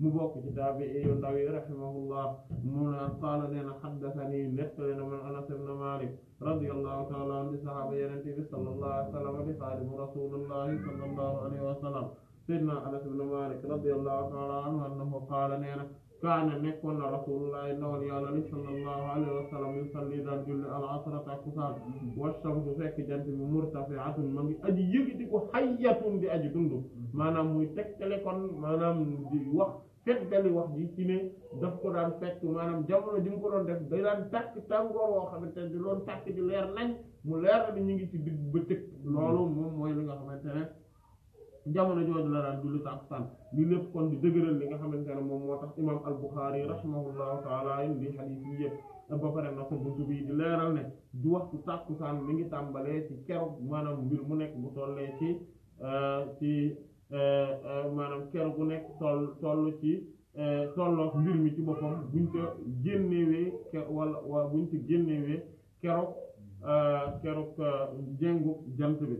مبوك كتاب ايو داوي رحمه الله مولا قال لنا حدثني نقلنا من انس بن مالك رضي الله تعالى عن صحابه النبي صلى الله عليه وسلم بصاحب رسول الله صلى الله عليه وسلم سيدنا انس بن مالك رضي الله تعالى عنه انه قال لنا كان نكون رسول الله إنه يالني صلى الله عليه وسلم يصلي ذا جل العصر تكسر والشمس فيك جنب مرتفعة من أجي يجدك حية بأجدنده ما نام يتكتلك ما نام وقت feddali wax bi ci ne daf ko daan fekk maanaam jamono ji ko doon def day daan tàkk tàngoor woo xamante di loon tàkk di leer nañ mu leer na ni ñu ngi ci digg bëccëg loolu moom mooy li nga xamante ne jamono jooju la daan julli tàkkusaan li lépp kon di dëgëral li nga xamante ne moom moo tax imam al bukhari rahimahullahu taala indi xadiis yi yëpp ba pare na ko buntu bi di leeral ne du waxtu tàkkusaan mi ngi tàmbalee ci keroog maanaam mbir mu nekk bu tollee ci euh, ci Euh, euh, maanaam ker gu nekk toll toll ci euh, tolloog mbir mi ci boppam buñ ko génnewee wala waa buñ ko génnewee keroog keroog jéngu jant bi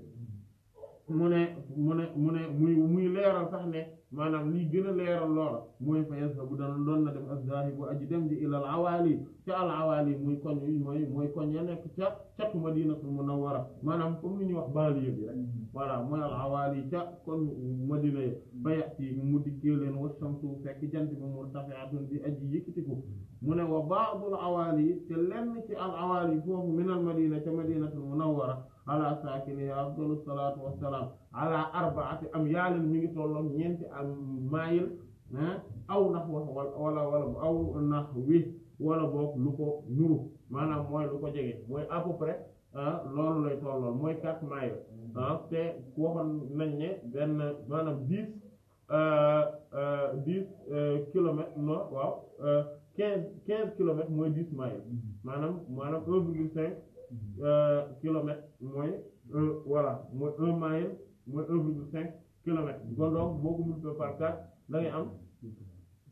mu ne mu ne mu ne muy muy leeral sax ne maanaam lii gën a leeral loola mooy fa yas na bu dana doon na dem az-zaahibu bu aji dem ji ilal awaali ca al awaali muy koñ yi mooy mooy koñ ya nekk ca catu madinatul munawwara maanaam comme ni ñuy wax banlieue bi rek voilà mooy al awaali ca kon madina ya bayat yi mu dikkee leen wa samsu fekk jant bi murtafi'atun di aji yëkkatiku mu ne wa ba'dul awaali te lenn ci al awaali foofu minal madina ca madinatul munawwara ala saakini afdalu salaatu wassalaam ala arbaati am yaalin mi ngi tolloon ñeenti am maayil aw nax wax wala wala aw nax wi wala boog lu ko nuru maanaam mooy lu ko jege mooy à peu loolu lay tolloon mooy quatre maayil te benn maanaam dix dix kilomètres no waaw quinze quinze mooy dix maayil maanaam maanaam un virgule cinq Euh, kilomètres moins, voilà un mile un kilomètres donc par quatre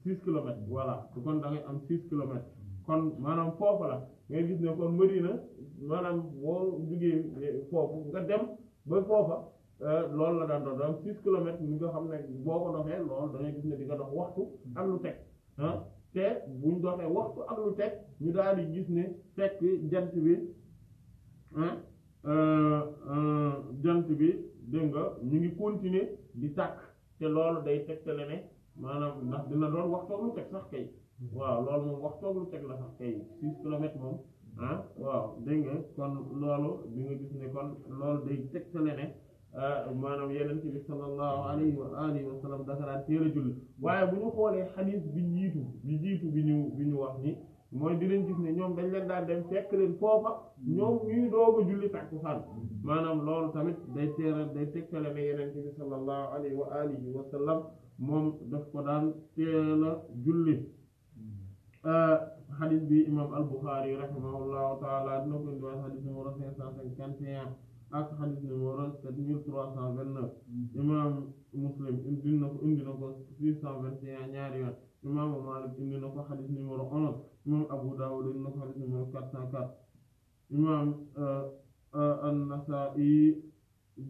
six kilomètres voilà donc on six kilomètres kon la ngay six kilomètres buñ waxtu Euh, euh, jant bi dégg nga ñu ngi continuer di tàkk te lool day tegtale ne maanaam ndax dina doon waxtoog lu teg sax kay waaw lool moom waxtoog lu teg la sax kay six kilomètres moom ah waaw dégg nga kon loolu bi nga gis ne kon loolu day tegtale ne euh, maanaam yeneen bi sallallahu alayhi wa alihi wa sallam dakaraan téere julli waaye bu ñu xoolee xadiis bi jiitu bi ñu bi ñu wax nii moy di len gis ne ñom dañ leen daan dem fekk leen fofa ñom ñuy doogu julli takku takkusaan manam loolu tamit day teeral day tekkale me yenen ci sallallahu alayhi wa alihi wa sallam mom daf ko daan téla julli euh hadith bi imam al-Bukhari rahimahullahu taala dina ko indiwaat hadith numéro cinq cent cinquante ak hadith numéro sept mille trois imam Muslim indi na ko indi na ko six cent yoon imaamu Maalik indi na ko xadis numéro onze imam Abu Dawud indi na ko xadis numéro quatre cent quatre imam euh, euh, An-Nasaa'i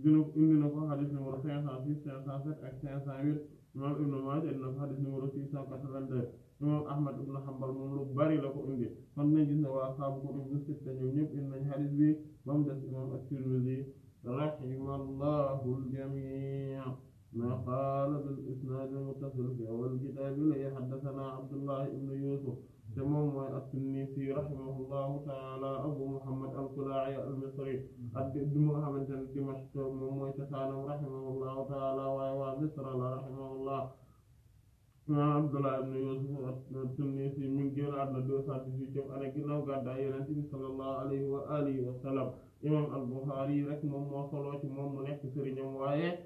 dina indi na ko xadis numéro cinq cent six cinq cent sept ak cinq cent huit imam Ibn Maaja indi na ko xadis numéro six cent quatre vingt imam Ahmad ibn Hanbal moom lu bari la ko indi kon nañ gis ne waa saabu kutubu sitta ñoom ñëpp indi nañ xadis bi ba des imam At-Tirmidhi rahimahullahu al-jamii' ما قال بالإسناد المتصل في أول الكتاب لي حدثنا عبد الله بن يوسف تمام في رحمه الله تعالى أبو محمد الكلاعي المصري محمد بن دمشق موي تسالم رحمه الله تعالى ويوا مصر رحمه الله عبد الله بن يوسف في من جيل عدنا دوسات في أنا كنا وقعد عينا صلى الله عليه وآله وسلم إمام البخاري رحمه الله صلى الله عليه وسلم ونحكي سرين وعيه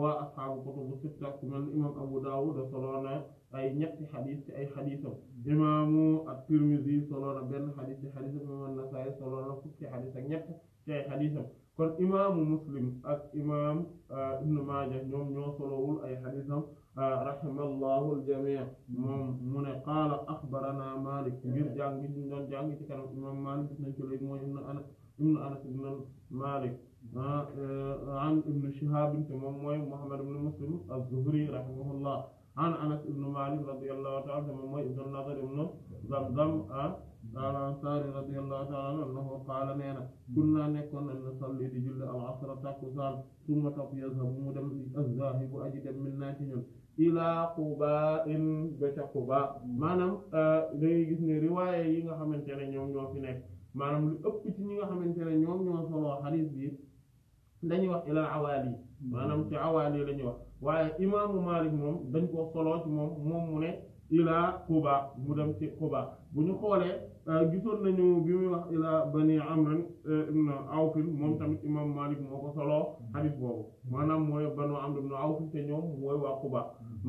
waa asxaabu kutubu sitta ku mel ni imam Abu Dawud solo na ay ñetti xadis ci ay xadisam imaamu at-Tirmidhi solo na benn xadis ci xadisam imam an-Nasa'i solo na fukki xadis ak ñett ci ay xadisam kon imaamu Muslim ak imaam Ibn Maaja ñoom ñoo solowul ay xadisam rahimallahu al-jamii' moom mu ne qaala axbarana Maalik ngir jàng ñu doon jàng ci kanam imaam Maalik gis nañ ci léegi mooy ibn Anas ibn Anas ibn Maalik an ibn Shihab te moom mooy Muhammad ibn Muslim az-Zuhri rahimahullah an Anas ibn Malik radiyallahu ta'ala te moom mooy ibn Nadr ibn Zamzam al-Ansari radiyallahu ta'ala annahu qaala nee na kunna nekkoon na nusalli di julli al-asra takkusaan summa topp yazhabu mu dem az-zaahibu aji dem minnaa ci ñun ilaa Quba in ba ca Quba maanaam dangay gis ne riwaaye yi nga xamante ne ñoom ñoo fi nekk maanaam lu ëpp ci ñi nga xamante ne ñoom ñoo solo xadiis bi dañuy wax ilal awaali maanaam ci awaali la ñuy wax waaye imaamu Maalik moom dañ ko solo ci moom moom mu ne ilaa Quba mu dem ci Quba bu ñu xoolee euh, gisoon nañu bi muy wax ilaa bani amrin euh, awfin moom tamit imam Maalik moo ko soloo xadis boobu maanaam mooy banu amr ibn awfin te ñoom mooy waa Quba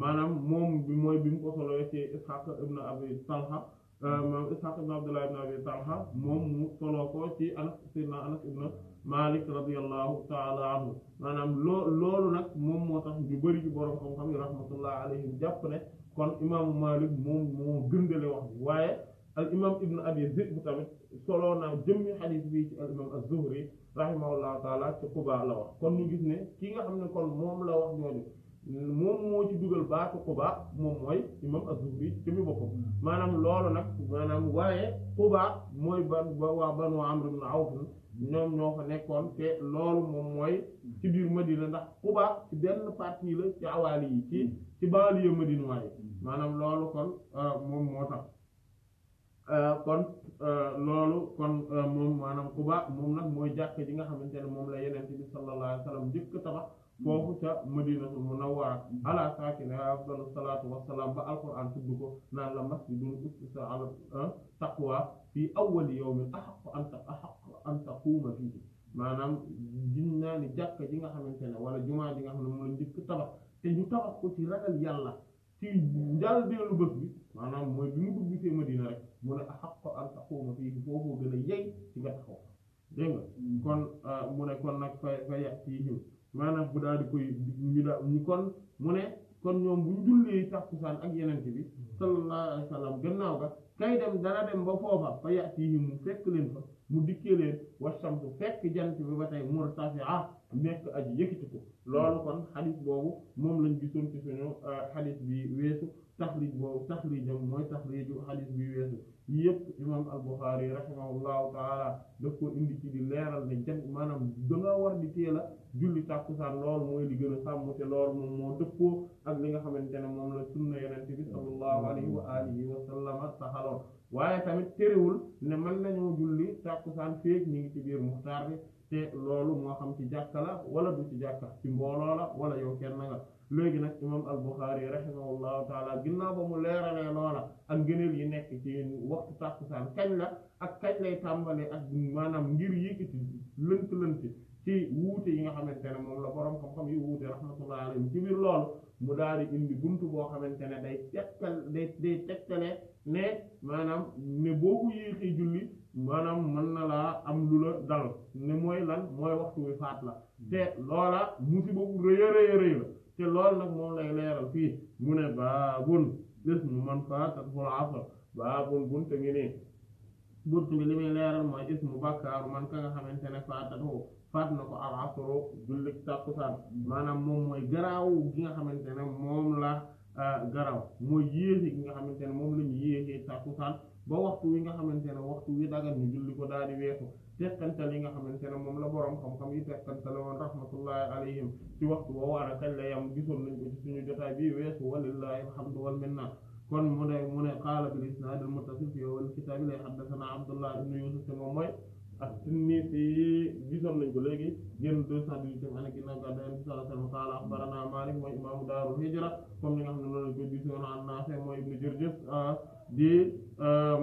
maanaam moom mooy bi mu ko soloo ci Ishaq euh, ibn Abi Talha moom Ishaq ibn Abdullah Abi Talha moom mu soloo ko ci Anas sayyidina Anas ibn Malik radiyallahu taala anhu maanaam loo loolu nag moom moo tax ñu bëri ci borom xam-xam yi rahmatullah alayhim jàpp ne kon imaamu Malik moom moo gëndale wax bi waaye al imaam Ibn Abi Zi'b bu tamit soloo naa jëmmi xadiis bi ci al imaam az-Zuhri rahimahullahu taala ci Quba la wax kon ñu gis ne ki nga xam ne kon moom la wax ñooñu moom moo ci dugal baatu Quba moom mooy imam az-Zuhri ci mu boppam maanaam loolu nag maanaam waaye Quba mooy ban waa banu Amr ibn Awf ñoom ñoo fa nekkoon te loolu moom mooy ci biir Madina ndax Quba ci benn partie la ci awaali yi ci ci banlieue Madina waaye maanaam loolu kon euh, moom moo tax euh, kon euh, loolu kon moom maanaam Quba moom nag mooy jàkk ji nga xamante ne moom la Yonent bi sallallahu alayhi wa sallam jëkk tabax foofu ca Madinatul Munawwara ala saakinihaa afdalu salaatu wassalaam ba alquran tudd ko naan la masjidun ussisa ala taqwa fi awwali yawmin ahaqqu an an taquuma fiihi maanaam gin ni jakk ji nga xamantene wala juma ji nga xam mo moom la tabax te ñu tabax ko ci ragal yalla ci njaal deelu bës bi manam moy bi mu dugg see medina rek mo la haqqo an taquuma fiihi foofoo gën yey ci nga taxaw dégg mm. kon ah, mu ne kon nak fa ci ñu manam bu daal di koy ñu da ñu kon mu ne kon ñom bu ñu jullee ak yenente bi mm. sallallahu alayhi wasallam gannaaw ga kay dem dara dem ba fofa fa yatihim mu fekk leen fa mu dikkee leen wa shamsu fekk jant bi ba tey murtafi'a nekk aji yëkkati ko loolu kon xadis boobu moom lañ gisoon ci suñu euh, xadis bi weesu taxrij boobu taxrijam mooy taxriju xadis bi weesu yëpp imam al-Bukhari rahimahullahu taala indi ci di leeral ne jàng maanaam danga war di teel a julli tàkkusaan lool mooy li gën a sàmm te lool moom moo dëppoo ak li nga xamante ne moom la sunna yonent bi sallallahu alayhi wa alihi saxaloon waaye tamit terewul ne man nañoo julli tàkkusaan feek ñi ngi ci biir muxtaar bi te loolu moo xam ci jàkka la wala du ci jàkka ci mbooloo la wala yow kenn nga léegi nak imam al-Bukhari rahimahullahu taala ginnaaw ba mu leralé lola ak gënël yi nekk ci waxtu tàkkusaan kañ la ak kañ lay tambalé ak manam ngir yëkkati leunt leunt ci wuté yi nga xamantene mom la borom xam-xam yi wuté rahmatullahi alayhi ci bir lool mu daari indi buntu bo xamantene day tekkal day day tegtale ne manam ne boo ko yéexee julli manam man na la am lula dal ne moy lan moy waxtu wi faat la te lola musibo bu rëy a te loolu nag moo lay leeral fii mu ne baabun bés mu man fatat ful asr baabun buntu ngi nii buntu bi li muy leeral mooy ismu bàkkaaru man ka nga xamante ne faatatu faat na ko al asru jullit tàkkusaan maanaam moom mooy garaaw gi nga xamante ne moom la euh, garaaw mooy yéexi gi nga xamante ne moom la ñu yéexee tàkkusaan ba waxtu wi nga xamante ne waxtu wi dagal ñu julli ko daal di weesu teqantal yi nga xamantene mom la borom xam-xam yi teqantale won rahmatullahi alayhim ci waxtu wo wara kañ la yam gisul nañ ko ci suñu jotaay bi weesu walillahi alhamdu wal minna kon mu ne mu ne qala bil isnad al muttasil fi wal kitab la hadathana abdullah ibn yusuf mom moy mooy at fi gisul nañ ko legi gen 218 cent ginnaw huitième année ga dayen sallallahu alayhi wa sallam akhbarana Malik moy imam daaru hijra comme ni nga xamne ne noonu ko gisoon an Naafi moy ibn Jurjus di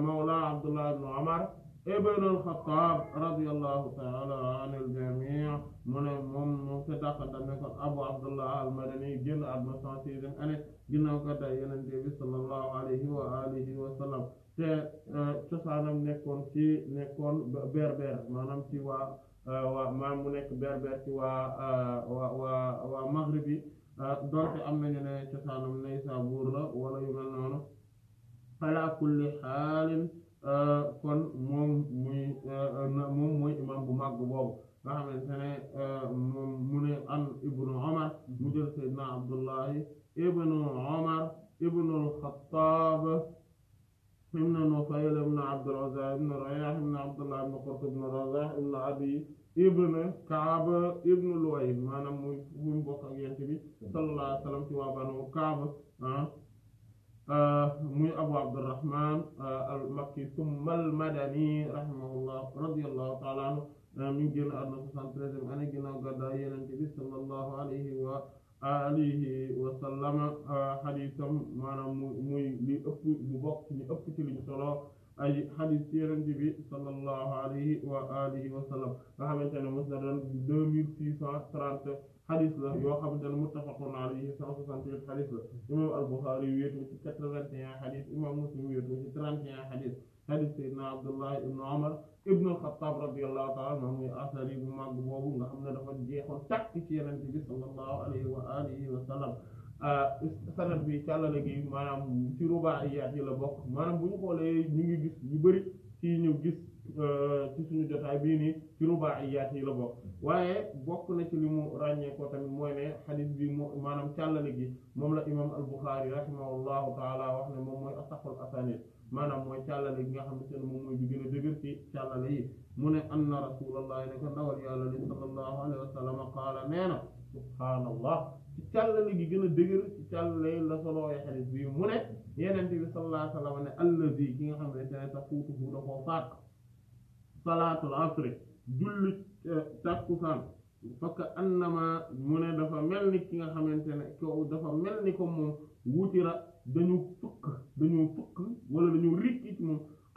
mawla Abdullah ibn Umar ابن الخطاب رضي الله تعالى عن الجميع من من مصدق دمك ابو عبد الله المدني جن عبد الصاتيد انا جن وقد ينتبه صلى الله عليه واله وسلم تصانم نكون في نكون بربر ما نمشي و وما منك بربر و و و مغربي دونك امنا تصانم ولا يمنون على كل حال kon moom muy moom mooy imam bu màgg boobu nga xamante ne moom mu ne an ibnu omar mu jël seydna abdullahi ibnu omar ibnu alxataab ibnu nufayl ibnu abdul uzza ibnu rayah ibnu abdullah ibnu qurt ibnu razah ibnu abi ibnu kaab ibnu luway maanaam muy muy mbokk ak yent bi sallallahu alayhi wa sallam ci waa banu kaab Euh, muy abu abdurrahman euh, al makki summa al madani rahimahullah radiyallahu taala anhu euh, mi ngi génn àdduna soixante-treizième année ginnaaw gàddaay Yonent bi sallallahu alayhi wa alihi wa sallama xadiisam maanaam muy li ëpp bu bokk ñu ëpp ci li ñu solo aji hadis ci yonente bi sallallahu alayhi wa alihi wa sallam nga xamante ne musnadam deux mille six cent trente hadis la yoo xamante ne muttafaqun alayhi cent soixante huit hadis la imam al-Bukhari wéetu ci quatre vingt et un hadis imam Muslim wéetu ci trente et un hadis hadis sayyidina Abdullah ibn Umar ibn al-Khattab radiyallahu ta'ala anhu muy asar yi bu màgg boobu nga xam ne dafa jeexoon tàkk ci yonente bi sallallahu alayhi wa alihi wa sallam Euh, sanad bi càllale gi maanaam ci rubaa'iyaat yi la bokk maanaam bu ñu xoolee ñu ngi gis ñu bëri ci ñu gis euh, ci suñu jotaay bii nii ci rubaa'iyaat yi la bokk waaye bokk na ci li mu ràññeekoo ko tamit mooy ne xadis bi mu maanaam càllale gi moom la imam al-Bukhari rahimahullahu taala wax ne moom mooy asahul asanid maanaam mooy càllale gi nga xamante ne moom mooy bi gën a dëgër càllale yi mu ne anna rasulallahi ne ko ndawal yàlla li sallallahu alayhi wa ci càllale gi gën a dëgër ci càllale la soloowe xadis bi mu ne yenente bi sallallahu alayhi wa sallam ne allazi ki nga xam ne tene ta fuutuhu da koo faat salaatul asri julli takkusaan fakka annama mu ne dafa mel ni ki nga xamante ne ko dafa mel ni ko moom wutira dañu fukk dañu fukk wala dañu rikki ci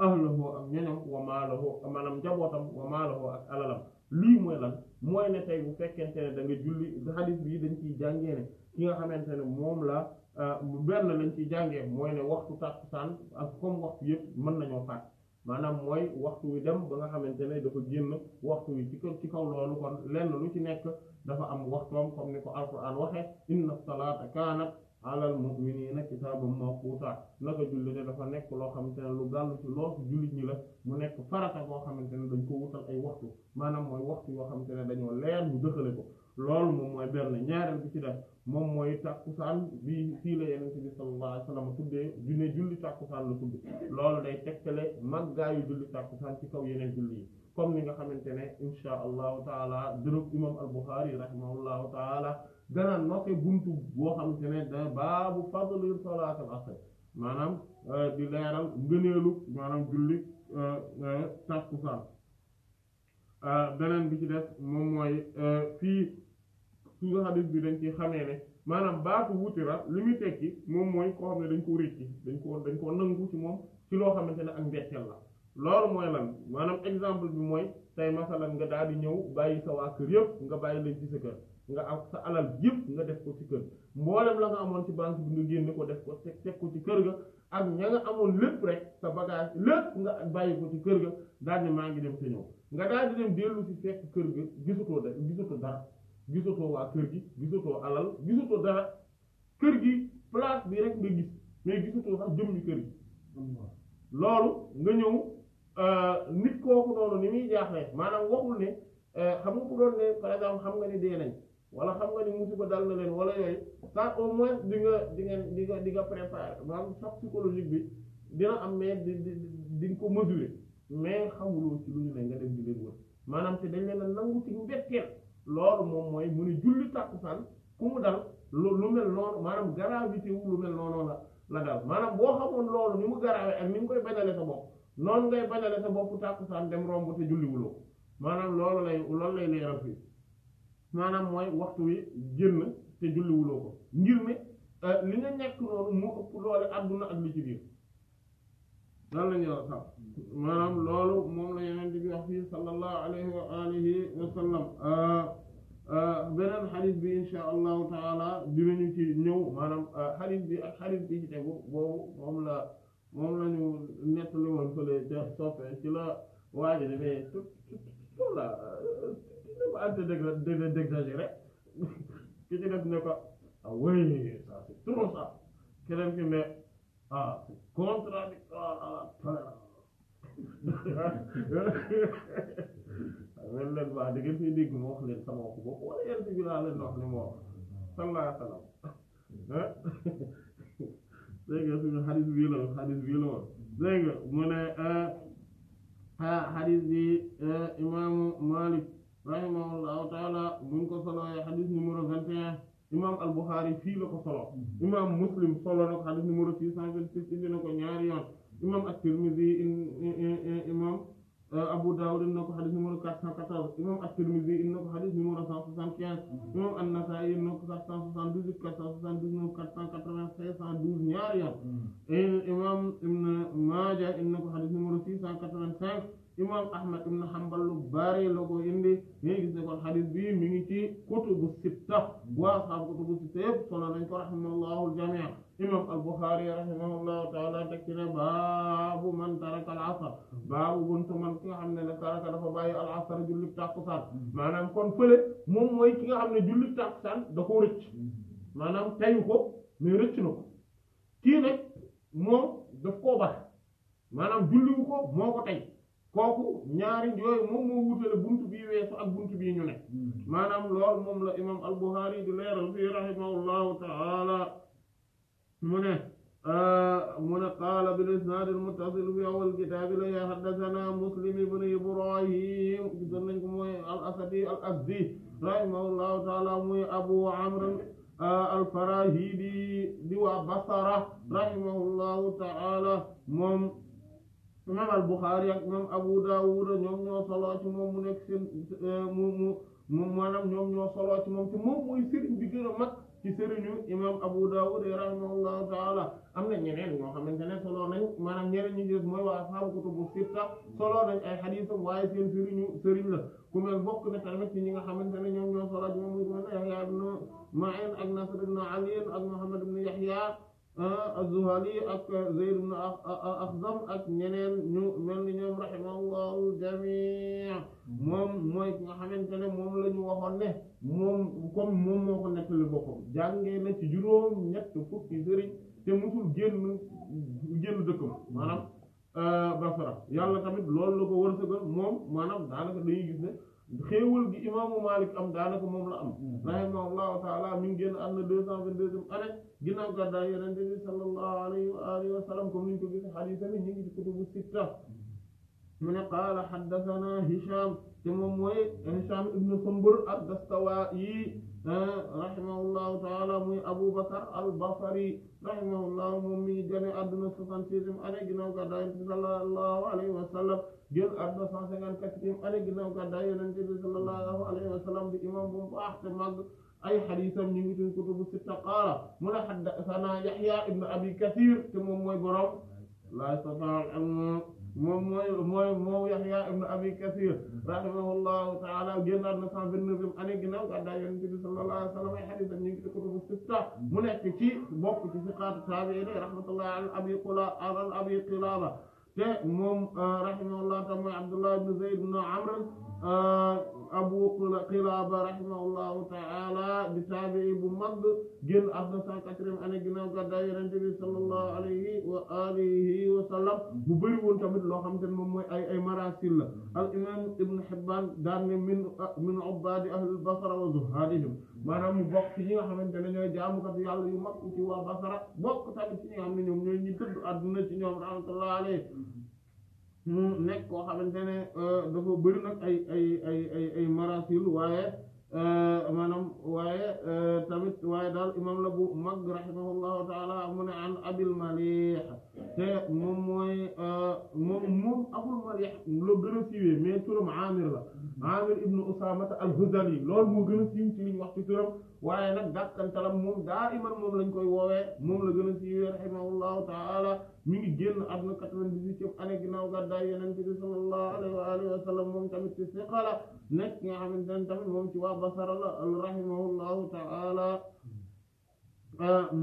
ahlahu ak ñoñom wa maalahu maanaam njabootam wa maalahu ak alalam lii mooy lan mooy ne tey bu fekkente ne da nga julli hadith bi dañ ciy jàngee ne ki nga xamante ne moom la euh, benn lañ ciy jàngee mooy ne waxtu tàkkusaan ak comme waxtu yëpp mën nañoo faat maanaam mooy waxtu wi dem ba nga xamante ne dafa génn waxtu wi ci kaw ci kaw loolu kon lenn lu ci nekk dafa am waxtoom comme ni ko alquran waxee inna salaata kaanat alal mu'minina kitaabam mawquta naka julli te dafa nekk loo xamante ne lu gàllu ci loo jullit ñi la mu nekk farata koo xamante ne dañ koo wutal ay waxtu maanaam mooy waxtu yoo xamante ne dañoo leer ñu dëxale ko loolu moom mooy benn ñaareel bi ci def moom mooy tàkkusaan bi fii la yenente bi sallallahu alayhi wasallam tuddee dune julli tàkkusaan la tudd loolu day tegtale màggaayu julli tàkkusaan ci kaw yeneen julli yi comme li nga xamante ne insha allahu taala dërëb imam al-Bukhari rahimahullahu taala dana note buntu boo xamante ne baabu fadli salaatul maanaam euh, di leeral ngëneelu maanaam julli euh, euh, takkusaan beneen bi ci des moom mooy fii su hadith bi dañ ci xamee ne maanaam baatu wutira li muy tekki moom mooy koo xam ko dañ ko dañ ko nangu ci moom ci loo xamante ne ak mbetteel la loolu mooy lan maanaam exemple bi mooy tey masalan nga daal di ñëw bàyyi sa waa kër yëpp nga bàyyi leen ci sa nga am sa alal yëpp nga def ko ci kër mboolem la nga amoon ci banque bi nga génne ko def ko teg teg ko ci kër ga ak ña nga amoon lépp rek sa bagage lépp nga bàyyi ko ci kër ga daal ne maa ngi dem te ñëw nga daal di dem dellu ci fekk kër ga gisatoo def gisatoo dara gisatoo waa kër gi gisatoo alal gisatoo dara kër gi place bi rek nga gis mais gisatoo sax jëmmi kër gi loolu nga ñëw euh, nit kooku noonu ni muy jaaxle maanaam waxul ne euh, xam nga ku doon ne par xam nga ni dee nañ wala xam nga ni musiba dal na leen wala yooyu ça au moins di nga di di nga di nga préparer maanaam sax psychologique bi dina am mais di di di nga ko mesurer mais xamuloo ci lu ñu ne nga dem di leen maanaam te dañ leen a nangu ci mbetteel mooy mu ne julli tàkkusaan ku mu dal lu lu mel noonu maanaam gravité wu lu mel la la maanaam boo xamoon loolu ni mu garawee ak ni mu koy bañale sa bopp noonu ngay bañale sa bopp tàkkusaan dem romb te julliwuloo maanaam loolu lay loolu lay leeral fii manam moy waxtu wi génn te julliwuloo wuloko ngir ne li nga nek noonu mo ëpp doole aduna ak li ci bir lan la ñu wax sax maanaam loolu moom la yenen di wax fi sallallahu alayhi wa alihi wa sallam benen hadith bi insha allah taala bi ñu ci ñëw manam hadith bi ak xadis bi ci tegu boobu moom la mom la ñu nettali woon fële def soppe ci la waaji dafee tout tout la arrêté de d'exagérer ki ci def ne ko ah oui ça c'est trop ça keneen ki ne ah contradictoire à la wen leen waa da ngeen fi dégg mu wax leen sama waxu bopp wala yent bi laa leen wax ni moo wax sallallahu alayhi wasallam dégg nga suñu xadis bii la xadis bii la woon dégg nga mu ne euh, ah, xadis bi euh, imaamu Malik rahimahullahu taala buñ ko solowee xadis numéro vingt et un imam al-Bukhari fii la ko solo imam Muslim solo na ko xadis numéro six cent vingt six indi na ko ñaari yoon imam at-Tirmidhi imam euh, Abu Dawud indi na ko xadis numéro quatre cent quatorze imam at-Tirmidhi indi na ko xadis numéro cent soixante quinze imam an-Nasa'i indi na ko quatre cent soixante dix huit quatre cent soixante dix neuf quatre cent quatre vingt cinq cent douze ñaari yoon hmm. imam Ibn Maaja indi na ko xadis numéro six cent quatre vingt cinq imam ahmad ibn hanbal lu bari la ko indi bi mi ngi ci kutubu sitta waa xam kutubu sitta yëpp solo nañ ko rahimahullahu aljamii baabu man taraka al asr baabu man ki nga xam ne ne taraka dafa bàyyi al asr jullit tàkkusaan kon fële moom mooy ki nga xam ne jullit tàkkusaan da ko rëcc maanaam kii nag moom daf koo bax maanaam ko moo ko tey koku ñaari yooyu mom mo wutale buntu bi wessu ak buntu bi ñu ne manam lool mom la imam al-Bukhari di leeral fii rahimahullahu taala mune ne mu ne bil isnad al muttasil bi awal kitab la ya hadathana muslim ibn ibrahim gisoon nañ ko moy al asadi al asdi rahimahullahu taala moy abu amr al farahidi di wa basara rahimahullahu taala mom imaam al Buxaari ak imaam Abu Daawud ñoom ñoo solo ci moom mu nekk seen eh, mu mu mu maanaam ñoom ñoo solo ci moom te moom mooy sëriñ bi gën a mag ci sëriñu imaam Abu Daawud rahimahullahu taala am na ñeneen ñoo xamante ne solo nañ maanaam ñeneen ñu gis mooy waa ashaabu kutubu sitta solo nañ ay xadiisam waaye seen sëriñu sëriñ la ku mel bokk na tamit ci ñi nga xamante ne ñoom ñoo solo ci moom mu Yahya ibn Ma'in ak Nasr ibn Ali ak Muhammad ibn Yahya az-Zuhali ak Zayd ibn Axzam ak ñeneen ñu mel ni ñoom rahimahullahu jamii moom mooy ki nga xamante ne moom la ñu waxoon ne moom comme moom moo ko nettali boppam jàngee na ci juróom ñett fukki sëriñ te musul génn génn dëkkam maanaam Basra yàlla tamit loolu la ko wërsëgal moom maanaam daanaka dañuy gis ne xewul gi imam Malik am danaka mom la am rahimahullahu taala min ngi génn am na deux cent vingt deuxième année ginnaaw bi sallallahu alayhi wa alihi wa sallam ko min ko gis xadiis ni ñu ngi ci kutubu sita mun qala qaala Hisham te moom mooy Hisham ibn Sumbur ad-Dastawa'i rahimahullahu taala muy Abu Bakar al-Basri rahimahullahu moom mi ngi gane àdduna soixante-sixième année ginnaaw gàddaay Yonent bi sallallahu alayhi wa sallam génn àdduna cent cinquante-quatrième année ginnaaw gàddaay Yonent bi sallallahu alayhi wa sallam di imam bu baax te mag ay xadiisam ñu ngi ci kutubu sitta qaala mu ne haddasanaa Yahya ibn Abi Kathir te moom mooy borom la moom mooy mooy moo Yaxya ibn Abi Kathir rahimahullahu taala génnaat na cent vingt-neuvième année ginnaaw gàddaay Yonent bi sallallahu alayhi wa sallam ay xadiisam ñu ngi ci kutubu sitta mu nekk ci bokk ci siqaatu taabi'iin rahmatullahi ala Abi Qula al Abi Qilaba te moom rahimahullahu taala mooy Abdullah ibn Zayd ibn Amr abu qilaaba rahimahullahu taala di taabii bu mag génn àdduna cent quatrième année ginnaaw gàddaay yonent bi sallallahu alayhi wa alihi wa sallam bu bëri woon tamit loo xamante ne moom mooy ay ay marasil la al imam ibn Hibbaan daan ne min min ubbaadi ahlil basra wa zuhaadihim maanaam mu bokk ci ñi nga xamante ne ñooy jaamukat yàlla yu mag ci waa basara bokk tamit ci ñi nga xam ne ñoom ñooy ñi dëdd àdduna ci mu nekk koo xamante ne euh, dafa bëri nag ay ay ay ay ay marasil waaye maanaam waaye tamit waaye daal imam la bu mag rahimahullahu taala mu ne an abil malih te moom mooy moom moom abul malih la gën a siiwee mais turam amir la amir ibnu usamata al-huzali loolu moo gën a siiw ci liñ wax ci turam waaye nag dàkkantalam moom daa iman moom lañ koy woowee moom la gën a siiwee rahimahullahu taala mi ngi génn àdduna quatre-vingt-dix-huitième année ginnaaw gàddaay yonent bi sallallahu استثقل نك من دندم مم جوا الله رحمه الله تعالى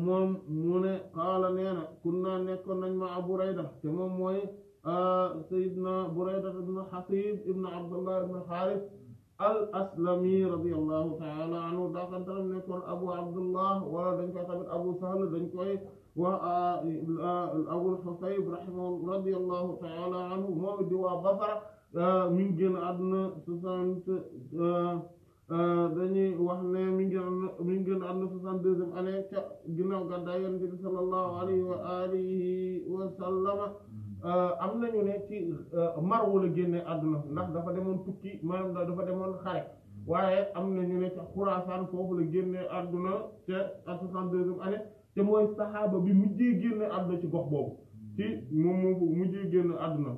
مم من قال نينا كنا نكون مع ابو ريدة كما موي آه، سيدنا ابو ريدة بن حسيب ابن عبد الله بن حارث الاسلمي رضي الله تعالى عنه داخل نكون ابو عبد الله ولا دنك ابو سهل دنك و آه، آه، ابو الحصيب رحمه رضي الله تعالى عنه هو دوا Euh, mu ngi génn àdduna soixante euh, euh, dañuy wax ne mi ngi génn mi ngi génn àdduna soixante deuxième année ca ginnaaw gàddaay yonent bi sallallahu alayhi wa alihi wa sallama am nañu ne ci Marw la génne àdduna ndax dafa demoon tukki maanaam dafa demoon xare waaye am nañu ne ca Xuraasaan foofu la génne àdduna ca soixante deuxième année te mooy saxaaba bi mujjee génne àdduna ci gox boobu ci moom moom mujjee génne àdduna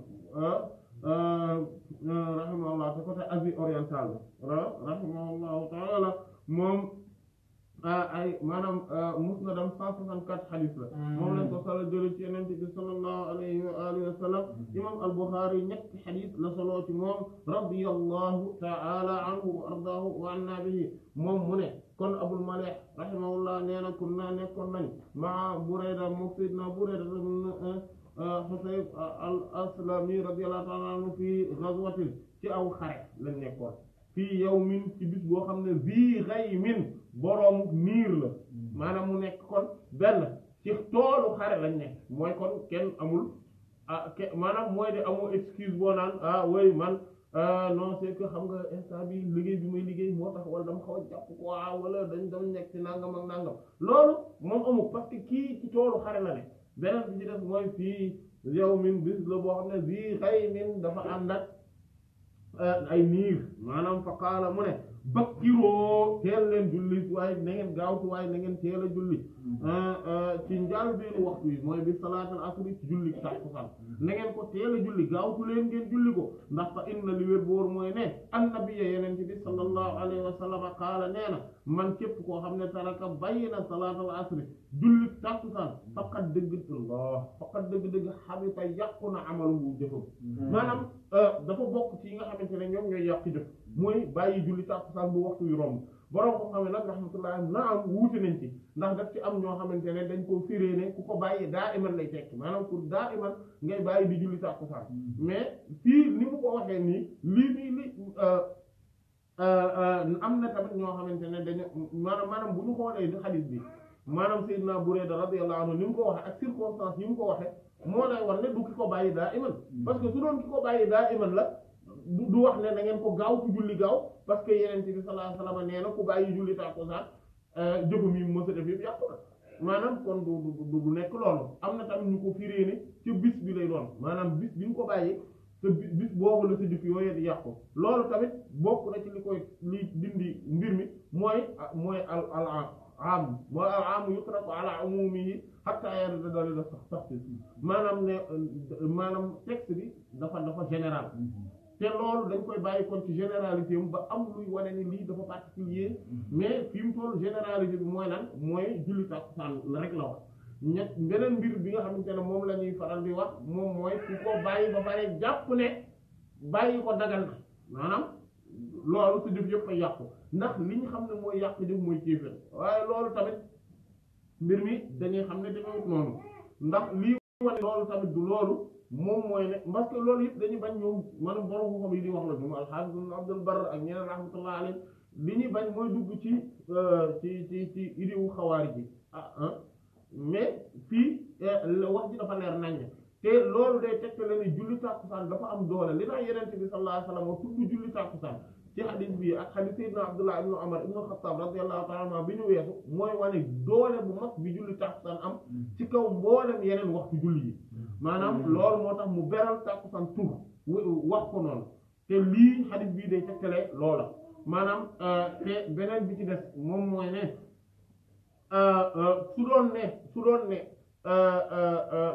Euh, euh, rahimahullah te côté Asie orientale rahimahullahu taala moom euh, ay maanaam musnadam cent soixante-quatre xadiis la hmm. moom lañ ko solo jële ci Yonent bi sallallahu alayhi wa alihi wa sallam hmm. imam al-Bukhari ñetti xadiis la solo ci moom radiyallahu taala anhu wa ardaahu wa anna bihi moom mu ne kon Abul Malih rahimahullah nee na kun naa nekkoon nañ maa Burayda mufid na Burayda Xusayb al-Aslami radiyallahu ta'ala ci aw xare nekkoon fii yawmin ci boo xam ne bii ghaymin boroom miir la maanaam mu nekk kon benn ci toolu lañ nekk mooy kenn amul ah, maanaam mooy de amul excuse boo naan ah way man ah, non c'est xam nga instant bi liggéey bi muy liggéey moo tax wala dama xaw wala dañ dama nekk ci nangam ak nangam loolu moom amul parce que toolu xare la beneen bi ci def mooy fii yow min bis la boo xam ne bii xëy min dafa ànd ak euh, ay niir maanaam fa qaala mu ne bakkiroo teel leen julli waaye na ngeen gaawtu waaye na ngeen teel a julli mm. ah, ah, ci njaal benn waxtu yi mooy bi salaatal asri ci julli takkusaan na ngeen ko teel a julli gaawtu leen ngeen julli ko ndax fa inna li wér boor mooy ne annabiya yeneen ci bi sallallahu alayhi wa sallam qaala nee na man képp koo xam ne taraka bàyyi na salaatal asri julli takkusaan faqat dëgg Allah faqat dëgg-dëgg xabita yàqu na amalu bu jëfam mm. maanaam ah, dafa bokk ci yi nga xamante ne ñoom ñooy yàq mooy bàyyi julli tàkkusaan bu waxtu yu romb borom ko xam ne nag rahmatullah na am wuute nañ ci ndax daf ci am ñoo xamante ne dañ koo firée ne ku ko bàyyi daa iman lay tekki maanaam pour daa iman ngay bàyyi di julli tàkkusaan mais fii ni mu ko waxee nii lii nii li euh, euh, euh, am na tamit ñoo xamante ne dañu maanaam maanaam bu ñu xoolee di xadiis bi maanaam Seydina Burayda radiyallahu anhu ni mu ko waxee ak circonstance yi mu ko waxee moo lay wax ne du ki ko bàyyi daa iman mm. parce que su doon ki ko bàyyi daa iman la du wax ne na ngeen ko gaaw ku julli gaaw parce que yeneen bi sallallahu alayhi wasallam nee na ku bàyyi julli tàkkusaan euh, jëfam yi maanaam kon du nekk loolu am na tamit ñu ko firée ne ca bis bi lay doon maanaam bis bi nga ko bàyyee te bis boobu la sa jëf yooyu di yàqu loolu tamit bokk na ci li koy mbir mi mooy mooy al al am mooy al am yutraku ala umumihi hatta yarda dalil sax sax maanaam ne maanaam bi dafa dafa général mm-hmm. te loolu dañ koy bàyyi kon ci généralité am ba am luy wane ni lii dafa particulier mm-hmm. mais fi mu toll généralité bi mooy lan mooy julli takkusaan rek la wax ñett beneen mbir bi nga xamante ne moom la faral di wax moom mooy ku ko ba pare jàpp bàyyi ko dagal na maanaam loolu yëpp yàqu ndax li ñu xam mooy yàqu jëf mooy waaye loolu tamit mbir mi dañuy xam ne dañoo noonu ndax lii wane loolu tamit du loolu moom mooy ne parce que loolu yëpp dañuy bañ ñoom maanaam borom xam yi di wax la ñoom alhamdulilah Abdul Barr ak ñeneen rahmatullah alayhi ñuy bañ mooy dugg ci euh, ci ci ci idée wu xawaar ji ah, ah. mais fii euh, wax ji dafa leer naññ te loolu day tegtale ne julli tàkkusaan dafa am doole li tax yeneen bi sallallahu alayhi wasallam tudd julli tàkkusaan ci hadith bi ak hadith sayyidina Abdullah ibn Umar ibn Khattab radiyallahu ta'ala anhu bi ñu weesu mooy wane doole bu mag bi julli tàkkusaan am mm. ci kaw mboolem yeneen waxtu julli yi. maanaam mm. loolu moo tax mu beral tàkkusaan tur wax ko noonu te lii xadis bii day tegtale loola maanaam euh, te beneen bi ci des moom mooy ne euh, euh, su doon ne su doon ne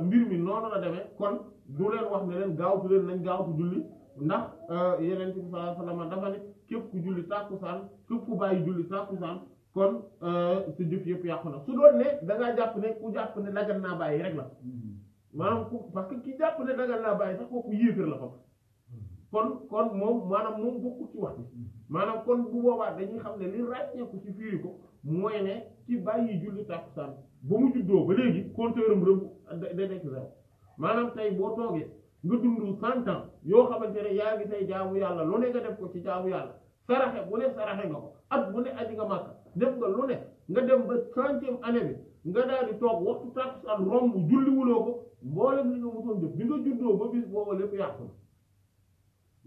mbir mi noonu la demee kon du leen wax ne leen gaawtu leen nañ gaaw gaawtu julli ndax yeneen bi sallallahu alayhi wasallam dafa ne képp ku julli tàkkusaan képp ku bàyyi julli tàkkusaan kon sa jëf yëpp yàqu na su doon ne da ngaa jàpp ne ku jàpp ne dagan naa bàyyi rek la mm. maanaam ku parce que ki jàpp ne dagal naa bàyyi sax ku yéefar la fa kon kon moom maanaam moom bokku ci wax bi maanaam kon bu boobaat dañuy xam ne li ràññeeku ci firi ko mooy ne ci bàyyi julli tàkkusaan ba mu juddoo ba léegi compteuram rëmb da nekk zéro maanaam tey boo toogee nga dund cent ans yoo xamante ne yaa ngi tey jaamu yàlla lu ne nga dem ko ci jaamu yàlla saraxe bu ne saraxe nga ko at bu ne yi nga màkk def nga lu ne nga dem ba centième année bi nga daal di toog waxtu tàkkusaan romb julli wuloo ko mboolem li nga mosoon def bi nga juddoo ba bis booba lépp yàqu na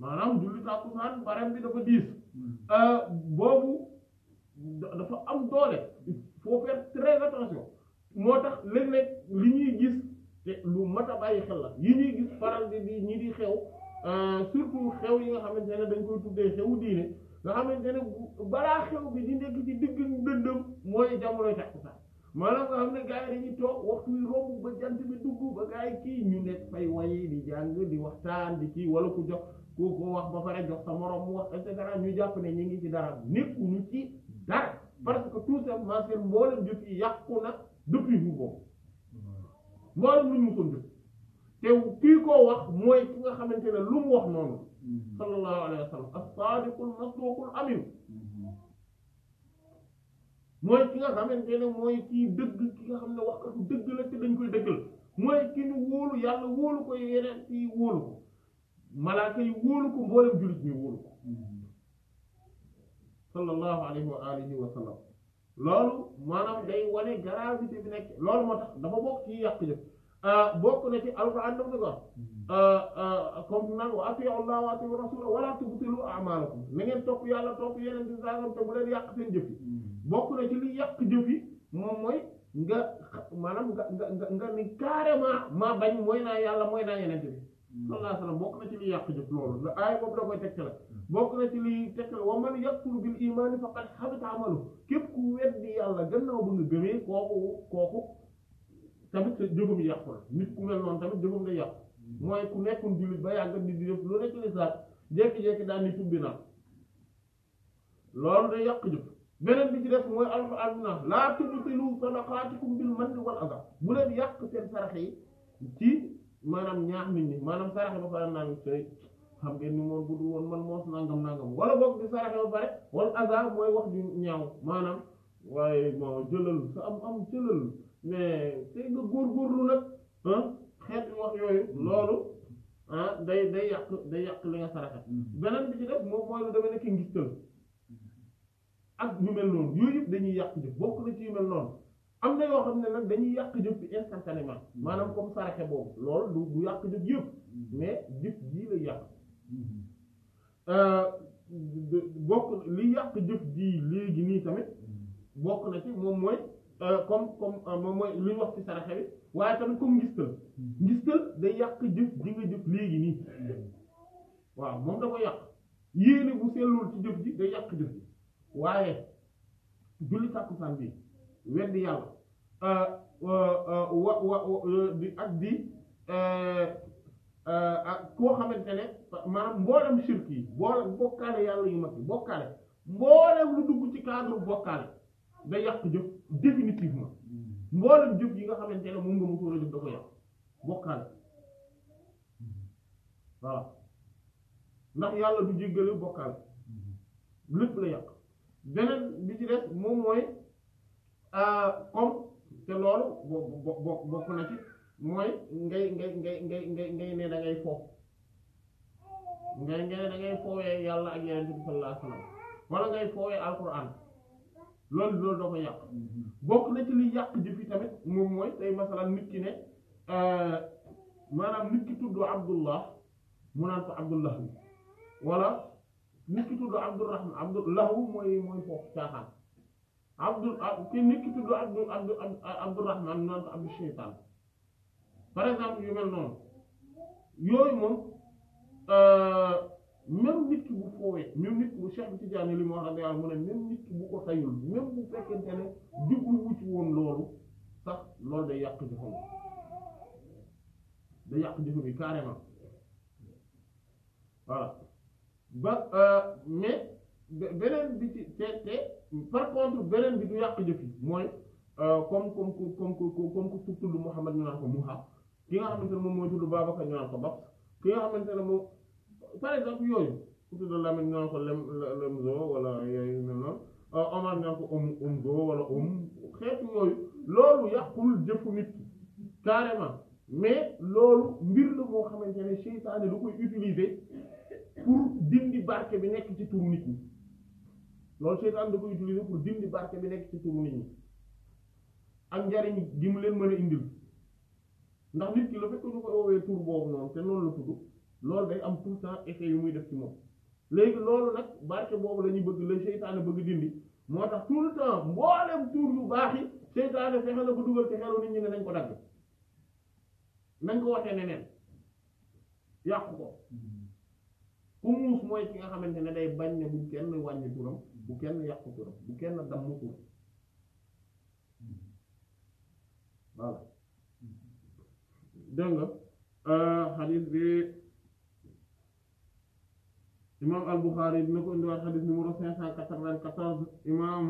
maanaam julli tàkkusaan barem bi dafa diis hmm. euh, boobu dafa am doole il faut faire très attention moo tax léeg li ñuy gis te lu mat a bàyyi xel la yi ñuy gis faral di di ñi di xew euh, surtout xew yi nga xamante ne dañ koy tuddee xewu diine nga xamante ne balaa xew bi di nekk ci digg dëndëm mooy jamonoy tàkkusaan maanaam nga xam ne gars yi dañuy toog waxtu wi romb ba jant bi dugg ba gars kii ñu nekk fay way di jàng di waxtaan di kii wala ku jox ku ko wax ba pare jox sa morom mu wax et cetera ñu jàpp ne ñu ngi ci dara nekkuñu ci dara parce que tout simplement seen mboolem jëf yi yàqu na depuis ñu boobu mboolem lu ñu ko te kii koo wax mooy ki nga xamante ne lu mu wax noonu mm. sallallahu alayhi wa sallam as amin mooy ki nga xamante ne mooy kii dëgg ki nga xam ne waxkatu dëgg la te dañ koy dëggal mooy ki ñu wóolu yàlla wóolu ko yeneen ki wóolu ko malaaka yi wóolu ko mboolem jullit ñi wóolu ko sallallahu alayhi wa wa sallam loolu maanaam day wane gravité bi nekk loolu moo tax dafa bokk ci yàq jëf Euh, bokk na ci alquran daf ko wax comme naan wa atiu allah wa atiu rasula wala tubtilu amalakum na ngeen topp yàlla topp yeneen di sangam te bu leen yàq seen hmm. bokk na ci li yàq jëf moom mooy nga maanaam nga nga nga ni carrément maa bañ mooy naa yàlla mooy naa yeneen bi hmm. sallallahu alayhi bokk na ci li yàq jëf loolu la aay boobu la koy tegte hmm. bokk na ci li tegte la wa man yakfur bil imaani faqad habita képp ku weddi yàlla gannaaw bu nga gëmee kooku kooku tamit sa jëfam yàqu la nit ku mel noonu tamit jëfam day yàqu mooy ku nekkul jullit ba yàgg nit di def lu nekk li sax jékki-jékki daal ni tubbi naa loolu day yàq jëf beneen bi ci def mooy alxuraan bi naan laa tubtilu sadaqaatikum bil manni wal adaa bu leen yàq seen sarax yi ci maanaam ñaax nit ñi maanaam sarax ba pare naan tey xam ngeen ni moom bu dul woon man moos nangam nangam wala boog di sarax ba pare wal adaa mooy wax ju ñaaw maanaam waaye moo jëlal sa am am jëlal mais tey nga góorgóorlu nag ah xeetu wax yooyu mm-hmm. loolu ah day day yàq day yàq li nga saraxat mm-hmm. beneen bi ci def moom mooy lu dama nekk ngistal mm-hmm. ak ñu mel noonu yooyu yëpp dañuy yàq jëf bokk na ci am na yoo ne nag dañuy yàq jëf bi instantanément maanaam comme saraxe boobu loolu du yàq jëf yëpp mais jëf jii lay yàq euh, bokk li yàq jëf jii léegi nii tamit bokk na ci moom mooy Euh, comme comme euh, moom mooy lu wax ci saraxe bi waaye tamit comme ngistal ngistal day yàq jëf ji nga jëf léegi nii waaw moom da ko yàq yéene bu sellul ci jëf ji day yàq jëf ji waaye julli tàkkusaan bi weddi yàlla euh, wa wa di ak bi ak koo xamante ne maanaam mboolem shirk yi boole bokkaale yàlla yu mag yi bokkaale mboolem lu dugg ci cadre bokkaale dayak yàq definitif définitivement mbolam jëf yi nga xamantene mo moom nga mu ko jëf da ko bokkal bokkaale voilà ndax yàlla du jéggale bokkaale lepp la yàq benen bi ci des moom mooy euh, comme te ngay ngay ngay ngay na ci ngay ngay ngay ngay ngay ngay ngay ne da ngay ngay ngay ngay da ngay ngay ngay ak ngay ngay sallallahu alayhi wasallam wala ngay ngay alcorane loolu loolu doo ko yàq mm-hmm. bokk na ci liy yàq jëf yi tamit moom mooy tey masalan nit ki ne euh, maanaam nit ki tudd Abdullah mu naan ko Abdullah bi wala nit ki tudd Abdurrahman Abdullah mooy mooy foofu caaxaan Abdul ah, ki nit ki tudd Abdul Abdul ah, Abdurrahman mu naan ko Abdu Shaytaan par exemple yu mel noonu yooyu moom. Euh, même nit ki bu foowee même nit bu Cheikh Tidiane li mu wax radiyallahu anhu mu ne même nit ki bu ko tayul même bu fekkente ne jublu wu ci woon loolu sax loolu day yàq jëfam day yàq jëfam yi carrément voilà ba euh, mais beneen bi ci te te par contre beneen bi du yàq jëf yi mooy euh, comme comme comme comme comme ku tudd Muhammad ñu naan ko Muha ki nga xamante ne moom mooy tudd Babacar ñu naan ko Bab ki nga xamante ne moom. par exemple yooyu ku do Lamine ñoko naan ko lem lemzo wala yooyu mel noonu euh, Omar ñu um um om wala um xeetu yooyu lolu yaqul jëf nit carrément mais lolu mbir lu mo xamante ne seytaane lu koy utiliser pour dindi barké bi nek ci tour nit ñi lolu seytaane da koy utiliser pour dindi barké bi nek ci tour nit ñi ak njariñ gi mu leen mëna a indil ndax nit ki la fekk ñu ko wowe tour bobu non té noonu la tudd lool day am tout temps effet yu muy def ci mom léegi loolu nak barke bobu lañu bëgg le seytaane bëgg dindi motax tout temps mboolem tour yu baxi yi seytaane fexe na ba dugal ci xelu nit ñi ne nañ ko dag nañ ko waxee neneen yaq ko ku muus mooy ki nga xamantene day bañ ne bu kenn wañu turam bu kenn yaq turam bu kenn damm turam voilà dégg euh hadith bi imam al-Bukhari dina ko indiwaat xadis numéro cinq cent quatre-vingt-quatorze imam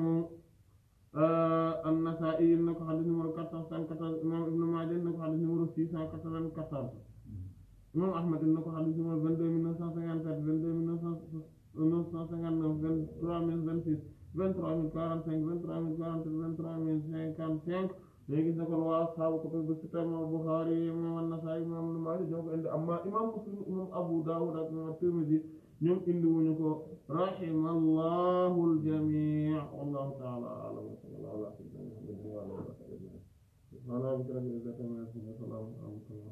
euh, an-Nasa'i dina ko xadis numéro quatre cent soixante-quatorze imam Ibn Maaja dina ko xadis numéro six cent quatre-vingt-quatorze imam Ahmad dina ko xadis numéro vingt-deux mille neuf cent cinquante-sept vingt-deux mille neuf cent cinquante-neuf vingt-trois mille vingt-six vingt-trois mille quarante-cinq vingt-trois mille quarante-huit vingt-trois mille cinquante-cinq léegi gis na kon waa asxaabu kutubu sitta imam Bukhari imam an-Nasa'i imam Ibn Maaja ñoo ko indi amma imam Muslim imam Abu Dawud ak imam Tirmidhi ñoom indi wuñu ko rahimallahu aljamii wallahu taala alam wa sallallahu ala sayyidina muhammadin wa ala alihi wa sahbihi